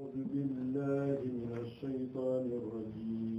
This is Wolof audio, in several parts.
أعوذ بالله من الشيطان الرجيم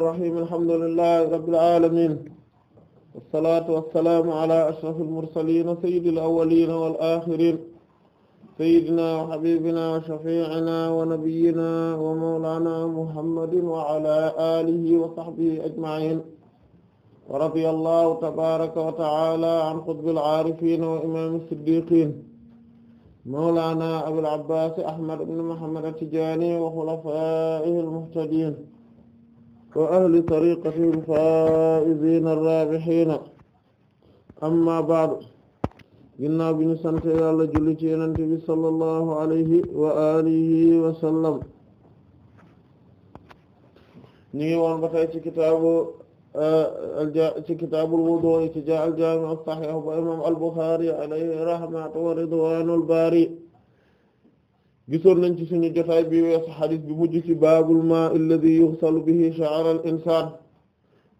rahim alhamdulillahi rabbil alamin wassalatu wassalamu ala ashrafil mursalin sayyidil awwalin wal akhirin sayyidina wa habibina wa shafi'ina wa nabiyyina wa mawlana muhammadin wa ala alihi wa sahbihi ajma'in wa radiyallahu tabaraka wa ta'ala an qutbil aarifin wa imam siddiqin mawlana abul abbas ahmad ibn muhammad at-tijani wa khulafaihi al-muhtadin wa ahli tariqati al-faa'iziina ar-raabihiina amma ba'du ginnaaw bi ñu sant Yàlla julli ci Yonent bi sallallahu alayhi wa alihi wa sallam ñu ngi woon ba tey ci kitaabu euh, ci kitaabul wudu' ci jaami' as-sahiih ba imaam al-Bukhaari alayhi rahmatu wa ridwaanul baari gisoon nañ ci suñu jotaay bi weesu xadis bi mujj ci baabul maa alladhi yughsalu bihi sha'ra al insaan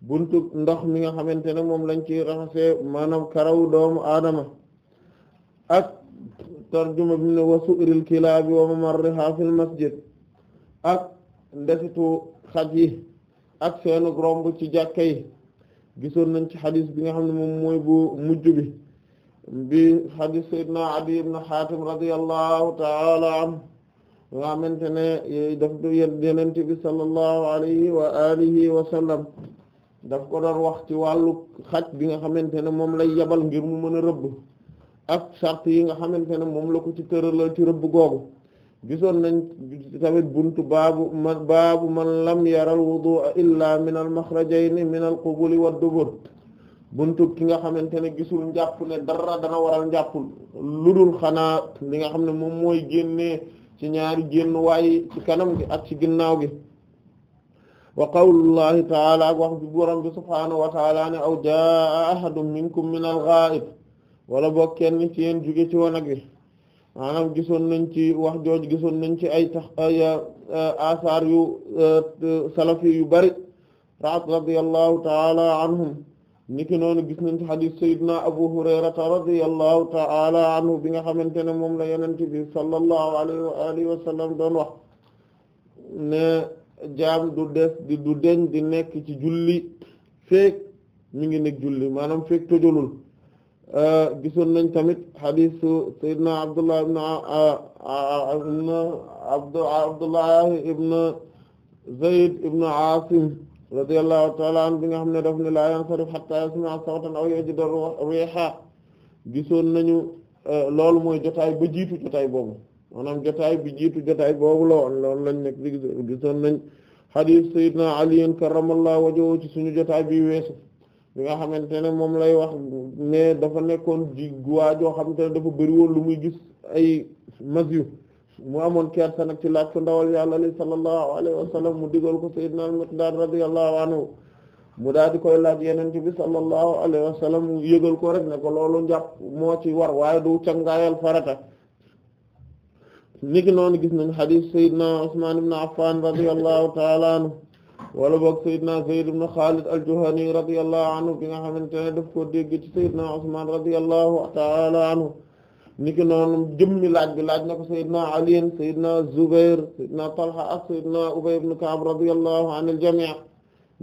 buntu ndox mi nga xamante ne moom lañ ci raxasee maanaam karaw doomu aadama ak tarjuma bi ne wa su'ril kilaabi wa mamarriha fil masjid ak ndesitu xaj yi ak seenu romb ci jàkka yi gisoon nañ ci xadis bi nga xam ne moom mujj bi bi hadis sayyidina Adi ibn Hatim radiyallahu ta'ala anhu nga xamante ne daf du Yonent bi sallallahu alayhi wa alihi wa sallam daf ko doon wax ci wàllu xaj bi nga xamante ne moom lay yabal ngir mu mën a rëbb ak sart yi nga xamante ne moom la ko ci tëralal ci rëbb googu gisoon nañ tamit buntu baabu man baabu man lam yaral wudu'a illa min al-makhrajayni min al-qubuli wad-dubur buntub ki nga xamante ne gisul njàpp ne dara dana waral njàpp lu xanaa li nga xam ne moom mooy génnee ci ñaari génn waaye ci kanam gi ak ci ginnaaw gi wa qawlullahi taala ak wax bi bi subhaanahu wa taala ne aw jaa ahadun minkum min al-ghaa'ib wala boo kenn ci yéen jóge ci wana wi maanaam gisoon nañ ci wax jooj gisoon nañ ci ay tax ay asaar yu salafi yu bari radiyallahu taala anhum niki noonu gis nañ ci xadis abu hurayrata radiyallahu ta'ala bi nga xamante ne moom la yenente bi sallallahu alayhi wa sallam doon wax ne jaam du des di du deñ di nekk ci julli feek mi ngi nekk julli maanaam feek tojolul euh, gisoon nañ tamit xadisu sayyidina abdullah ibn ibn abdullah ibn radiyallahu taala an bi nga xam ne daf ne laa yansarif hatta yasma sawtan aw yajida riha gisoon nañu euh, loolu mooy jotaay ba jiitu jotaay boobu maanaam jotaay bi jiitu jotaay boobu la woon lool lañ nekk gisoon nañ hadith sayyidina Ali karramallahu wajhahu ci suñu jotaay bi weesu bi nga xamante ne moom lay wax ne dafa nekkoon ji waa joo xamante ne dafa bëri woon lu muy gis ay mas mu amoon kersa nag ci laaj ko ndawal yàlla li sallallahu alayhi wa mu digal ko sayyidina al-Miqdaad radiyallahu anhu mu daal di koy laaj yeneen ci bi sallallahu alayhi wa mu yëgal ko rek ne ko loolu njàpp moo ci war waaye du cangaayal farata niki noonu gis nañ xadiis sayyidina Usmaan ibn Affaan radiyallahu ta'ala anhu wala boog sayyidina Zayd ibn Khalid al-Juhani radiyallahu anhu bi nga xamante ne daf ko dégg ci sayyidina Usmaan radiyallahu ta'ala anhu ni ki noonu jëmmi laaj bi laaj na ko sayyidna Ali sayyidna Zubair sayyidna Talha ak sayyidna Ubay ibn Ka'b radiyallahu anil jami'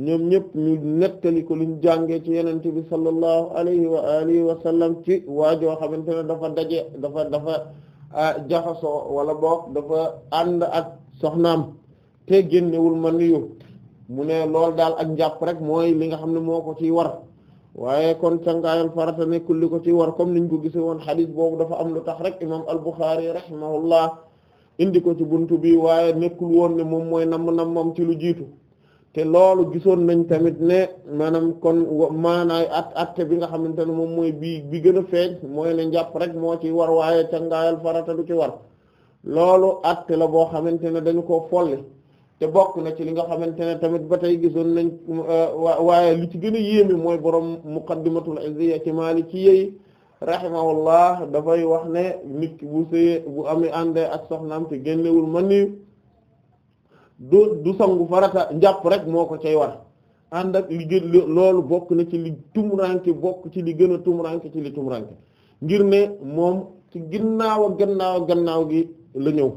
ñoom ñëpp ñu nettali ko luñ jàngee ci yenente bi sallallahu alayhi wa alihi wa sallam ci waajoo xamante ne dafa daje dafa dafa jaxasoo wala boog dafa ànd ak soxnaam te génnewul ma nuyu mu ne lool daal ak njàpp rek mooy li nga xam ne moo ko ci war waaye kon cangaayal farata nekkul li ko ci war comme niñ ko gise woon xadis boobu dafa am lu tax rek imam al-Bukhari rahimahullah indi ko ci bunt bi waaye nekkul woon ne moom mooy nam nammam ci lu jiitu te loolu gisoon nañ tamit ne maanaam kon maanaay at atte bi nga xamante ne moom mooy bii bi gën a feeñ mooy ne njàpp rek moo ci war waaye cangaayal farata lu ci war loolu atte la boo xamante ne dañu ko folli te bokk na ci li nga xamante ne tamit ba tey gisoon nañ euh, waaye li ci gën a yéeme mooy borom muqaddimatul izziya ci maliki yi rahimahullah dafay wax ne nit ki bu sëyee bu amee ànd ak soxnaam te génnewul man ni du du sangu farata njàpp rek moo ko cay war ànd loolu bokk na ci li bokk ci li gën a tumuranke ci li tumuranke ngir ne moom ci ginnaaw a gannaaw a gannaaw gi la ñëw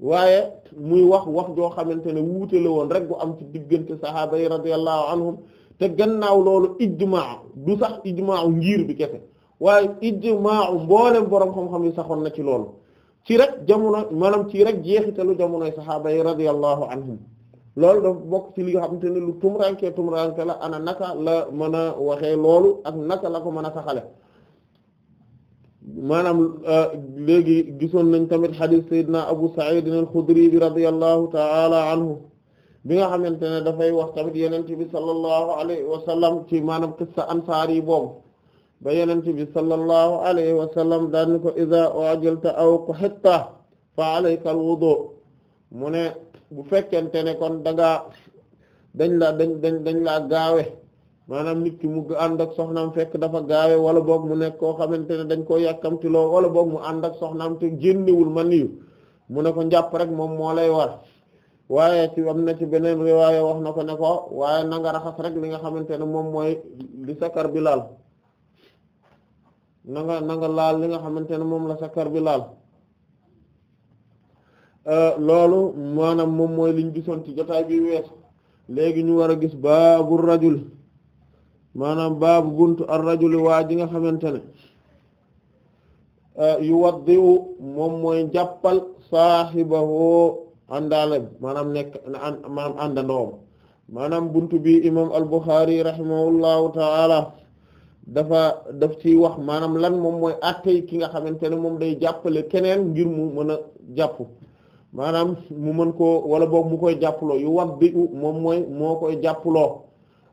waaye muy wax wax joo xamante ne wuute la woon rek bu am ci diggante sahaaba yi radiyallahu anhum te gannaaw loolu ijmaa du sax ijmaa ngir bi kese waaye ijmaa mboolem borom xam-xam yi saxoon na ci loolu ci rek jamono maanaam ci rek jeexitalu jamonoy sahaaba yi radiyallahu anhum loolu do bokk ci li nga xamante ne lu tumranke tumranke la ana naka la mën a waxee loolu ak naka la ko mën a saxale maanaam euh, léegi gisoon nañ tamit xadis Abu Sa'id al-Khudri bi radiyallahu ta'ala anhu bi nga xamante ne dafay wax tamit yenente bi sallallahu alayhi wa sallam ci maanaam qissa ansaar yi boobu ba yenente bi sallallahu alayhi wa sallam daan ko idha u'jilta aw quhitta fa alayka al mu ne bu fekkente ne kon da ngaa dañ la dañ dañ dañ laa gaawe maanaam nit ki mu ànd ak soxnaam fekk dafa gaawe wala boog mu nekk koo xamante ne dañ koo yàkkamtiloo wala boog mu ànd ak soxnaam te génnewul man niyu mu ne ko njàpp rek moom moo lay war waaye ci na ci beneen riwaaye wax na ko ne ko waaye nanga raxas li nga xamante ne moom mooy li sakar bi laal na nga laal li nga xamante ne moom la sakar bi laal euh, loolu maanaam moom mooy liñ gisoon ci jotaay bi wees léegi ñu war a gis baabur rajul maanaam baabu buntu ar-rajuli waa ji nga xamante ne yu waddi u moom mooy jàppal saahibahu àndaalem maanaam nekk maanaam àndandoom maanaam buntu bi imam al-Bukhari rahimahullahu ta'ala dafa daf ci wax maanaam lan moom mooy atte ki nga xamante ne moom day jàppale keneen ngir mu mën a jàpp maanaam mu mën koo wala boog mu koy jàppaloo yu waddi u moom mooy moo koy jàppaloo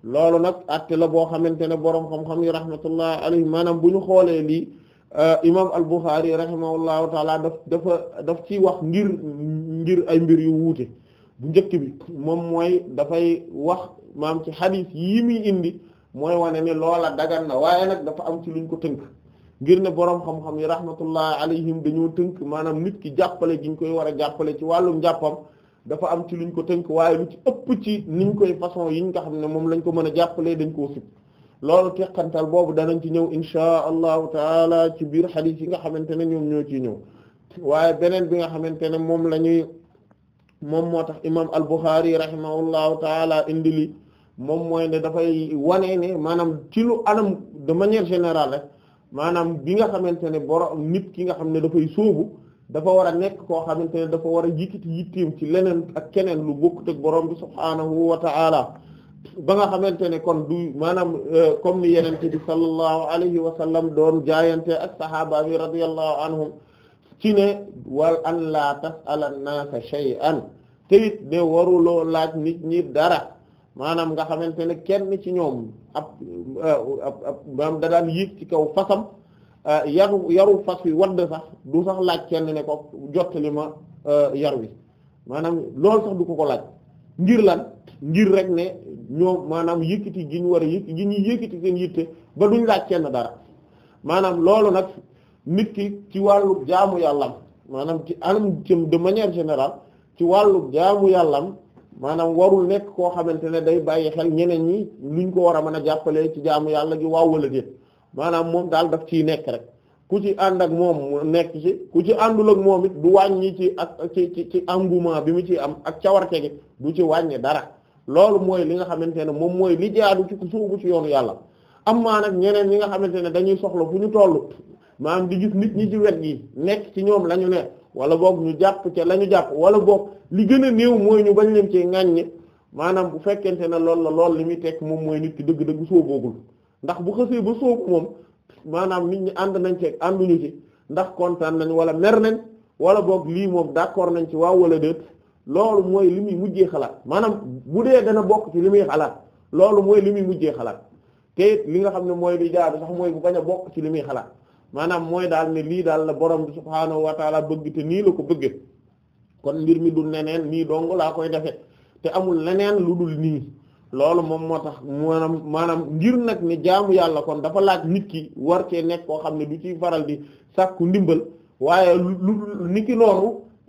loolu nag atte la boo xamante ne boroom xam-xam yi rahmatullah alayhi maanaam bu ñu xoolee lii euh, imam al-Bukhari rahimahullahu taala daf dafa daf ci wax ngir ngir ay mbir yu wuute bu njëkk bi moom mooy dafay wax maam ci xadiis yii muy indi mooy wane ne loola dagan na waaye nag dafa am ci luñ ko tënk ngir ne boroom xam-xam yi rahmatullah alayhim dañoo tënk maanaam nit ki jàppale gi koy war a jàppale ci wàllum jàppam dafa am ci lu ñu ko tënk waaye lu ci ëpp ci niñ koy façon yi nga xam ne moom lañ ko mën a jàppalee dañ koo sib loolu teqantal boobu danañ ci ñëw inshaa allahu taala ci biir xadiis yi nga xamante ne ñoom ñoo ciy ñëw waaye beneen bi nga xamante ne moom la ñuy moom moo tax imam al-Bukhari rahimahullahu taala indi li moom mooy ne dafay wane ne maanaam ci lu anam de manière générale rek maanaam bi nga xamante ne borom nit ki nga xam ne dafay sóobu dafa war a nekk koo xamante ne dafa war a yikiti yitteem ci leneen ak keneen lu bokkut ak boroom bi subhaanahu wa ta'ala ba nga xamante ne kon du maanaam euh, comme ni yeneen bi sallallahu alayhi wa sallam doon jaayante ak sahaaba bi radiyallahu anhum ci ne wal an laa tas'ala an-naasa shay'an te it ne waruloo laaj nit ñi dara maanaam nga xamante ne kenn ci ñoom ab euh, ab ab ci kaw fasam Euh, yaru yaru fas wi wadd sax du sax laaj kenn ne ko jottali ma euh, yar wi maanaam loolu sax du ko ko laaj ngir lan ngir rek ne ñoom maanaam yëkkati gi ñu war a yëkk gi ñuy yëkkati seen yitte ba duñ laaj kenn dara maanaam loolu nag nit ki ci wàllu jaamu yàllam maanaam ci anam de manière générale ci wàllu jaamu yàllam maanaam warul nekk koo xamante ne day bàyyi xel ñeneen ñi luñ ko war a mën a jàppalee ci jaamu yàlla gi waaw wala déet maanaam moom daal daf ciy nekk rek ku ci ànd ak moom nekk ci ku ci àndul ak moom it du wàññi ci ak ci ci ci engouement bi mu ci am ak cawarte gi du ci wàññi dara loolu mooy li nga xamante ne moom mooy li jaadu ci suubu ci yoon yàlla am maa nag ñeneen ñi nga xamante ne dañuy soxla fu ñu tollu maanaam di gis nit ñi ci wet gi nekk ci ñoom la ñu ne wala boog ñu jàpp ca la ñu jàpp wala boog li gën a néew mooy ñu bañ leen ci ŋàññe maanaam bu fekkente ne loolu la lool li muy tekk moom mooy nit ki dëgg-dëgg soo boogul ndax bu xësee ba sóobu moom maanaam nit ñi ànd nañ ci ànduñu ci ndax kontaan nañ wala mer nañ wala boog lii moom d'accord nañ ci waaw wala déet loolu mooy li muy mujjee xalaat maanaam bu dee dana bokk ci li muy xalaat loolu mooy li muy mujjee xalaat te li nga xam ne mooy li jaadu sax mooy bu bañ a bokk ci li muy xalaat maanaam mooy daal ne lii daal la borom bi subhaanahu wa taala bëgg te nii la ko bëggee kon mbir mi du neneen nii dong laa koy defe te amul leneen lu dul nii loolu moom moo tax maanaam maanaam ngir nag ne jaamu yàlla kon dafa laaj nit ki war kee nekk koo xam ne du ci faral di sàkku ndimbal waaye lu nit ki noonu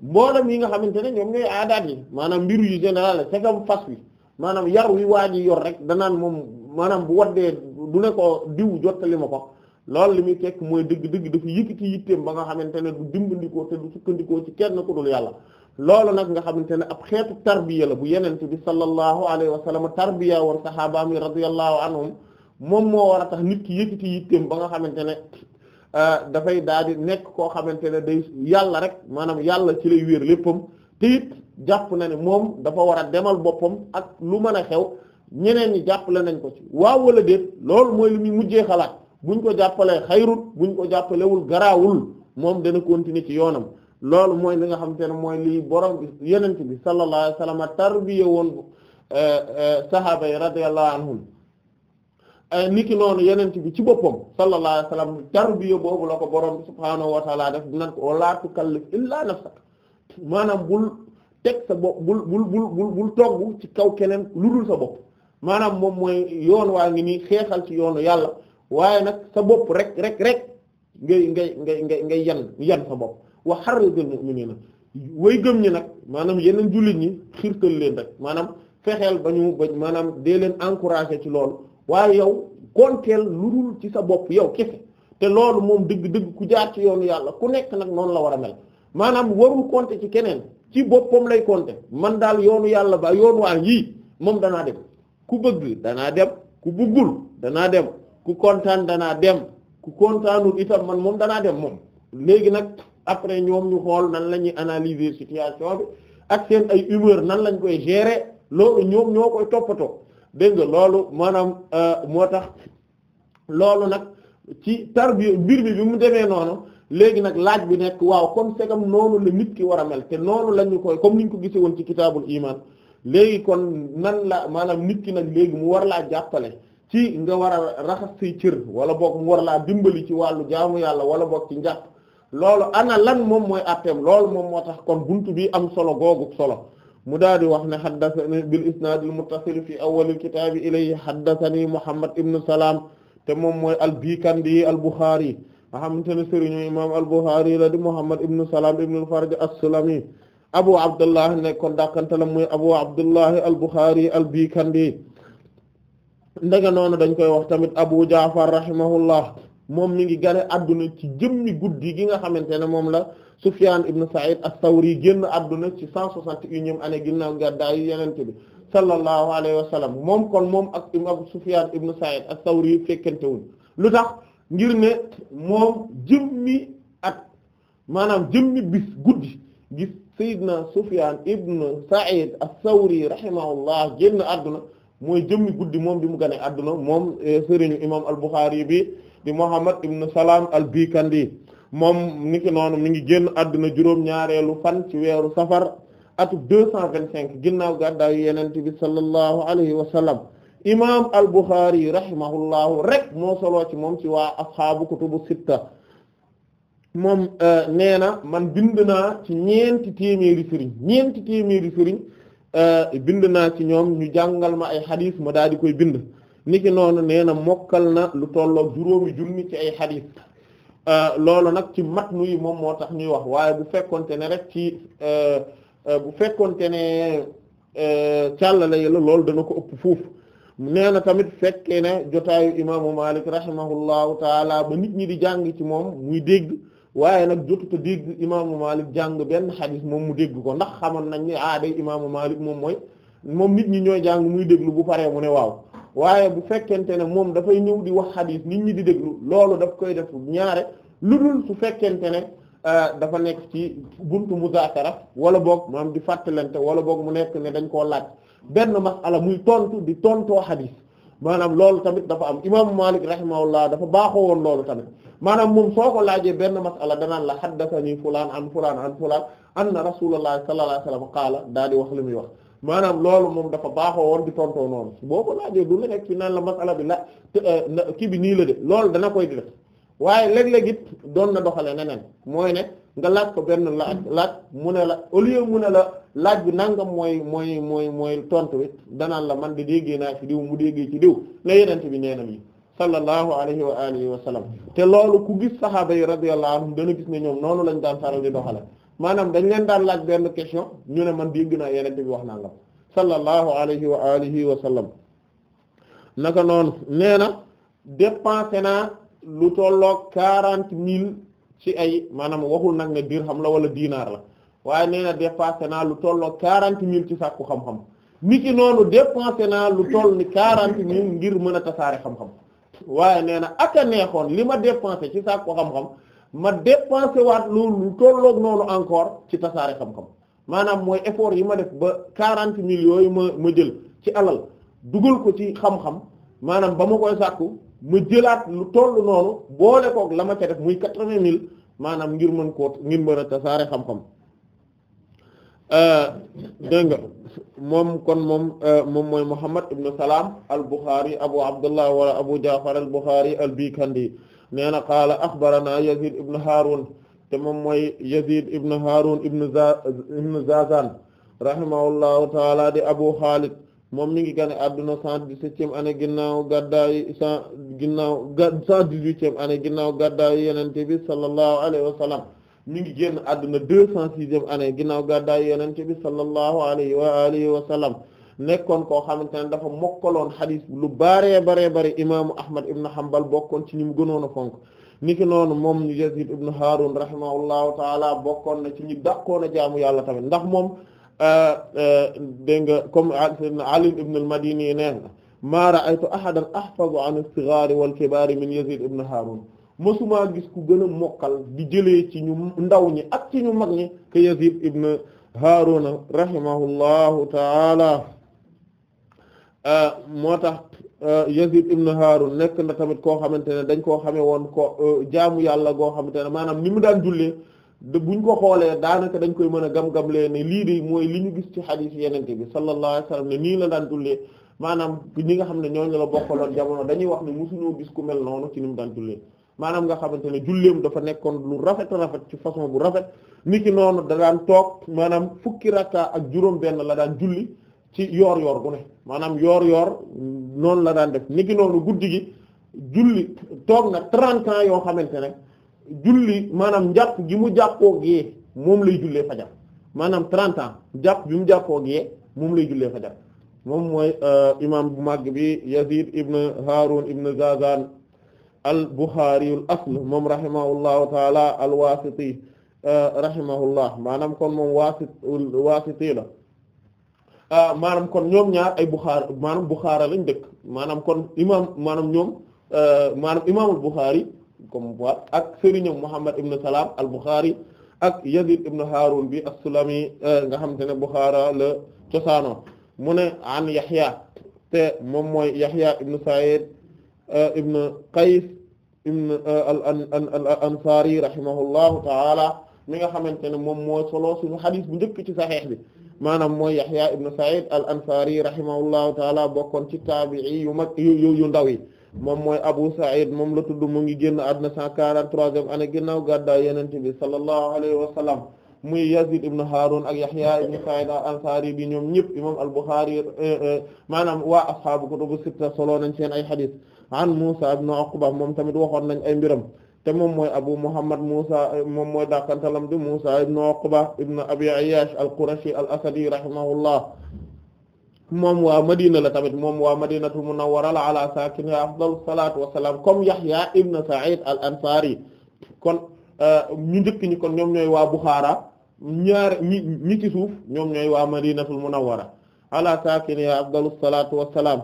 mboolem yi nga xamante ne ñoom ñooy aadaat yi maanaam mbir yu général la segam fas wi maanaam yar wi waa ji yor rek danaan moom maanaam bu waddee du nekkoo ko diw jottali ma ko loolu li muy tekk mooy dëgg-dëgg dafa yëkkati yitteem ba nga xamante ne du dimbandikoo te du sukkandikoo ci kenn ku dul yàlla loolu nag nga xamante ne ab xeetu tarbiya la bu yenente bi sallallahu alayhi wa sallam tarbiya woon saxaabaam yi radiyallahu anhum moom moo war a tax nit ki yëkkati yitteem ba nga xamante ne euh, dafay daal di nekk koo xamante ne day yàlla rek maanaam yàlla ci lay wéer léppam te it jàpp na ne moom dafa war a demal boppam ak lu mën a xew ñeneen ñi jàppale nañ ko ci waaw wala déet loolu mooy li mu mujjee xalaat buñ ko jàppalee xayrut buñ ko jàppalewul garaawul moom dana continuer ci yoonam loolu mooy li nga xam ne mooy lii borom bi yenent bi sallallahu alayhi wasallam tarbiya woon eh, eh, sahaaba yi radiyallahu anhum eh, niki noonu yenent bi ci boppam sallallahu alayhi wasallam tarbiya boobu la ko borom bi subhaanahu wa ta'ala def dinan ko wala tukallif illa nafsak maanaam bul teg sa bopp bul bul ci kaw keneen lu dul sa bopp maanaam moom mooy yoon waa ngi nii xeexal ci yoonu yàlla waaye nag sa bopp rek rek rek ngay ngay ngay ngay yan yan sa bopp wa harridil mu'minina way gëm ñi nag maanaam yeneen jullit ñi xiirtal leen rek maanaam fexeel ba ñu mu ba maanaam dee leen encourager ci loolu waaye yow konteel lu dul ci sa bopp yow kese te loolu moom dëgg-dëgg ku jaar ci yoonu yàlla ku nekk nag noonu la war a mel maanaam warul compter ci keneen ci boppam lay compter man daal yoonu yàlla ba yoon waa yii moom danaa dem ku bëgg danaa dem ku bëggul danaa dem ku kontaan danaa dem ku kontaanul itam man moom danaa dem moom après ñoom ñu xool nan la ñuy analyser situation bi ak seen ay humeur nan lañ koy gérer loolu ñoom ñoo koy toppatoo dégg nga loolu maanaam euh, moo tax loolu nag ci tarbiya mbir bi bi mu demee noonu léegi nag laaj bi nekk waaw comme segam noonu la nit ki war a mel te noonu la ñu koy comme ni ñu ko gisee woon ci kitaabul iman léegi kon nan la maanaam nit ki nag léegi mu war laa jàppale ci nga war a raxas say cër wala boog mu war laa dimbali ci wàllu jaamu yàlla wala boog ci njàpp loolu ana lan moom mooy atteem loolu moom moo tax kon buntu bi am solo googu solo mu daal di wax ne haddathani bil isnaad al muttasil fi awwal al kitaab ilayhi haddathani Muhammad ibn Salaam te moom moy al Bikandi al Bukhari nga xamante ne sëriñu imaam al Bukhari la di Muhammad ibn Salaam ibn al Faraj as-Sulami abu abdullah ne kon dàqante la mooy abu abdullah al Bukhari al Bikandi ndege noonu dañ koy wax tamit abu Ja'far rahimahullah moom mi ngi gane àdduna ci jëmmi guddi gi nga xamante ne moom la Sufyan ibn Sa'id as-Sawri génn adduna ci cent soixante et unième année ginnaaw gàddaayu yenente bi sallallahu alayhi wa sallam moom kon moom ak imam Sufyan ibn Sa'id as-Sawri fekkentewuñ lu tax ngir ne moom jëmmi at maanaam jëmmi bis guddi gis Seydina Sufyan ibn Sa'id as-Sawri rahimahullah génn àdduna mooy jëmmi guddi moom bi mu ganee àdduna moom eh, sëriñu imam al-Bukhari bi di Muhammad ibn Salam al-Bikandi moom niki noonu mu ngi génn àdduna juróom-ñaareelu fan ci weeru safar atub deux cent vingt-cinq ginnaaw gàddaay Yonent bi sallallahu alayhi wa sallam imaam al-Bukhari rahimahullahu rek moo solo ci moom ci waa asxaabu kutubu sitta moom euh, nee na man bind naa ci ñeenti téeméeri sëriñ ñeenti téeméeri sëriñ euh, bind naa ci ñoom ñu jàngal ma ay xadiis ma daal di koy bind niki noonu nee na mokkal na lu tolloog juróomi junni ci ay xadis euh, loolu nag ci matnu yi moom moo tax ñuy wax waaye bu fekkonte ne rek ci euh, euh, bu fekkonte ne càllala yi la loolu dana ko ëpp fuuf nee na tamit fekkee ne jotaayu imaamu Malik rahimahullahu taala ba nit ñi di jàng ci moom muy dégg waaye nag jotu ko dégg imaamu Malik jàng benn xadis moom mu dégg ko ndax xamoon nañ ne aaday ah, imaamu Malik moom mooy moom nit ñi ñooy jàng muy déglu bu paree mu ne waaw waaye bu fekkente ne moom dafay ñëw di wax xadiis nit ñi di déglu loolu daf koy def ñaare lu dul su fekkente ne euh, dafa nekk ci buntu muzaakara wala boog maam di fàttalante wala boog mu nekk ne dañ koo laaj benn masala muy tontu di tontoo xadiis maanaam loolu tamit dafa am imaamu Maalik rahimahullah dafa baaxoo woon loolu tamit maanaam moom soo ko laajee benn masala danaan la haddathani fulaan an fulaan an fulaan anna rasuulullahi sallallahu alayhi wa sallam qaala daa di wax li muy maanaam loolu moom dafa baaxoo woon di tontoo noonu boo ko laajee du la nekk fi naan la masala bi la euh, kii bi nii la de loolu dana koy def waaye léeg-léeg it doon na doxale neneen mooy ne nga laaj ko benn laaj laaj mu ne la au mu ne la laaj bi nangam mooy mooy mooy mooy tontu it danaan la man de déggee naa ci diw mu déggee ci diw la yeneen bi nee na lii sallallahu alayhi wa alihi wa sallam te loolu ku gis sahaaba yi radiyallahu anhum dana gis ne ñoom noonu lañ daan faral di doxale maanaam dañ leen daan laaj benn question ñu ne man dégg naa yeneen bi wax naa la sallallahu alayhi wa alihi wa sallam naka noonu nee na dépensé naa lu tolloog quarante mille ci ay maanaam waxul nag ne xam la wala dinaar la waaye nee na naa lu tolloog quarante mille ci sàkku xam-xam niki noonu dépensé naa lu toll ni quarante mille ngir mën a tasaare xam-xam waaye nee na ak a neexoon li ma dépensé ci sàkku xam-xam ma dépensé waat loolu lu tolloog noonu encore ci tasaare xam-xam maanaam mooy effort yi ma def ba quarante mille yooyu ma ma jël ci alal dugal ko ci xam-xam maanaam ba ma koy sàkku ma jëlaat lu toll noonu boole koog la ma ca def muy quatre mille maanaam ngir mën koo ngir mën a tasaare xam-xam euh, dégg nga moom kon moom euh, moom mooy Muhammad ibn salaam al-Bukhari Abu Abdullah wala Abu Ja'far al-Bukhari al-Bikandi nee na qaala axbarana yazid ibn haarun te moom mooy yazid ibn haarun ibn za ibn zazan rahimahullahu taala di abu xaalid moom mi ngi gane adduna cent dix-septième année ginnaaw gàddaayi cent ginnaaw cent dix-huitième ginnaaw gàddaayi yenente bi sallallahu alayhi wa sallam mi ngi génn adduna deux cent sixième année ginnaaw gàddaayi yenente bi sallallahu alayhi wa alihi wa sallam nekkoon koo xamante ne dafa mokkaloon xadis lu bare baree bare imaamu Ahmad ibn Hanbal bokkoon ci ñi mu gënoon a fonk niki noonu moom Yazid ibn Harun rahimahullahu taala bokkoon na ci ñi dàqoon a jaamu yàlla tamit ndax moom euh, euh, dégg nga comme ibn madini nee na ma ra'aytu ahadan ahfazu an as-sighari wal kibari min Yazid ibn Harun masumaa gis ku gën a mokkal di jële ci ñu ndaw ñi ak ci ñu mag ñi ke Yazid ibn Harun rahimahullahu taala Euh, moo tax euh, Yazid na Harun nekk na tamit koo xamante ne dañ koo xame woon ko euh, jaamu yàlla goo xamante ne maanaam ni mu daan jullee de buñ ko xoolee daanaka dañ koy mën a gam-gam lee ne lii de mooy li ñu gis ci xadiis yenente bi sallallahu alayhi wasallam ne nii la daan jullee maanaam ñi nga xam ne ñooñu la bokkaloon jamono dañuy wax ne mosuñoo gis ku mel noonu ci ni mu daan jullee maanaam nga xamante ne julleem dafa nekkoon lu rafet rafet ci façon bu rafet ni niki noonu da daan toog maanaam fukki rakka ak juróom benn la daan julli ci yoor yoor gu ne maanaam yoor yoor noonu la daan def niki noonu guddi gi julli toog na trente ans yoo xamante ne julli maanaam njàpp gi mu jàppoo gi moom lay jullee fajar maanaam trente ans jàpp bi mu jàppoo gee moom lay jullee fajar moom mooy euh, imam bu màgg bi Yazid ibn Harun ibn Zazan al Bukhari al asl moom rahimahullahu taala al wasiti euh, rahimahullah maanaam kon moom wasit la Ah, maanaam kon ñoom ñaar ay Buxaar maanaam Buxaara lañ dëkk maanaam kon imaam maanaam ñoom ah, maanaam imaamul Buxaari comme quoi ak sëriñam Muhammad ibn Salam al Buxaari ak Yazid ibn Harun bi as-Sulami ah, nga xam te ne Buxaara la cosaano mu ne an Yahya te moom mooy Yahya ibn Sa'id ibn Qays ibn al al Ansari rahimahullahu ta'ala mi nga xamante ne moom moo solo suñu xadis bu njëkk ci saxiix bi maanaam mooy Yahya ibn Sa'id al-Ansari rahimahullahu taala bokkoon ci taabi'i yu mag yu yu ndaw yi moom mooy Abu Sa'id moom la tudd mu ngi génn àdduna 143e année ginnaaw gàddaay Yonent bi sallallahu alayhi wa sallam muy Yazid ibn Harun ak Yahya ibn Sa'id al-Ansari bi ñoom ñëpp imam al-Bukhari eh, eh, maanaam waa ashaabu kutubu sitta solo nañ seen ay hadith an Musa ibn Uqba moom tamit waxoon nañ ay mbiram te moom mooy abu muhammad musa moom mooy dakantalam di musa ibn uqba ibn abi ayyash al-qurashi al-asadi rahimahullah moom wa madina la tamit moom waa madinatul munawwara la ala saakinihaa afdalu salaatu wa salaam comme yahya ibn sa'id al-ansari kon euh, ñu njëkk ñi kon ñoom ñooy waa buxaara ñaar ñi ñi ci suuf ñoom ñooy waa madinatul munawwara ala saakinihaa afdalu salaatu wa salaam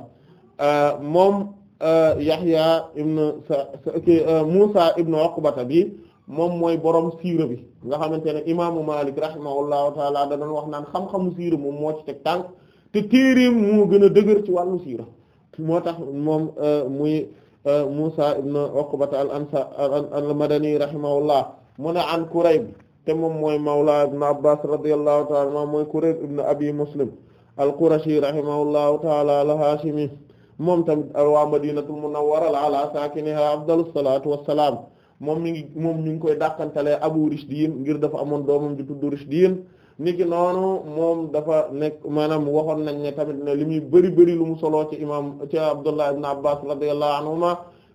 euh, moom Euh, Yahya ibn Musa euh, ibn Uqbata bi moom mooy borom siira bi nga xamante ne imaamu Malik rahimahullahu taala da doon wax naan xam-xamu siira moom moo ci teg tànk te téereem moo gën a dëgër ci wàllu siira moo tax moom euh, muy Musa ibn Uqbata al ansa al madani rahimahullah mu ne an Kurayb te moom mooy mawla ibn Abbas radiyallahu taala al Hashimi moom tamit a waa madinatul munawwara ala saakiniha afdalus salaatu wassalaam moom mi ngi moom ñu ngi koy dàqantalee abu Rishdiin ngir dafa amoon doomam ju tudd Rishdiin ni ki noonu moom dafa nekk maanaam waxoon nañ ne tamit ne li muy bëri bëri lu mu soloo ci imam ci Abdullah ibn Abbas radiyallahu anhuma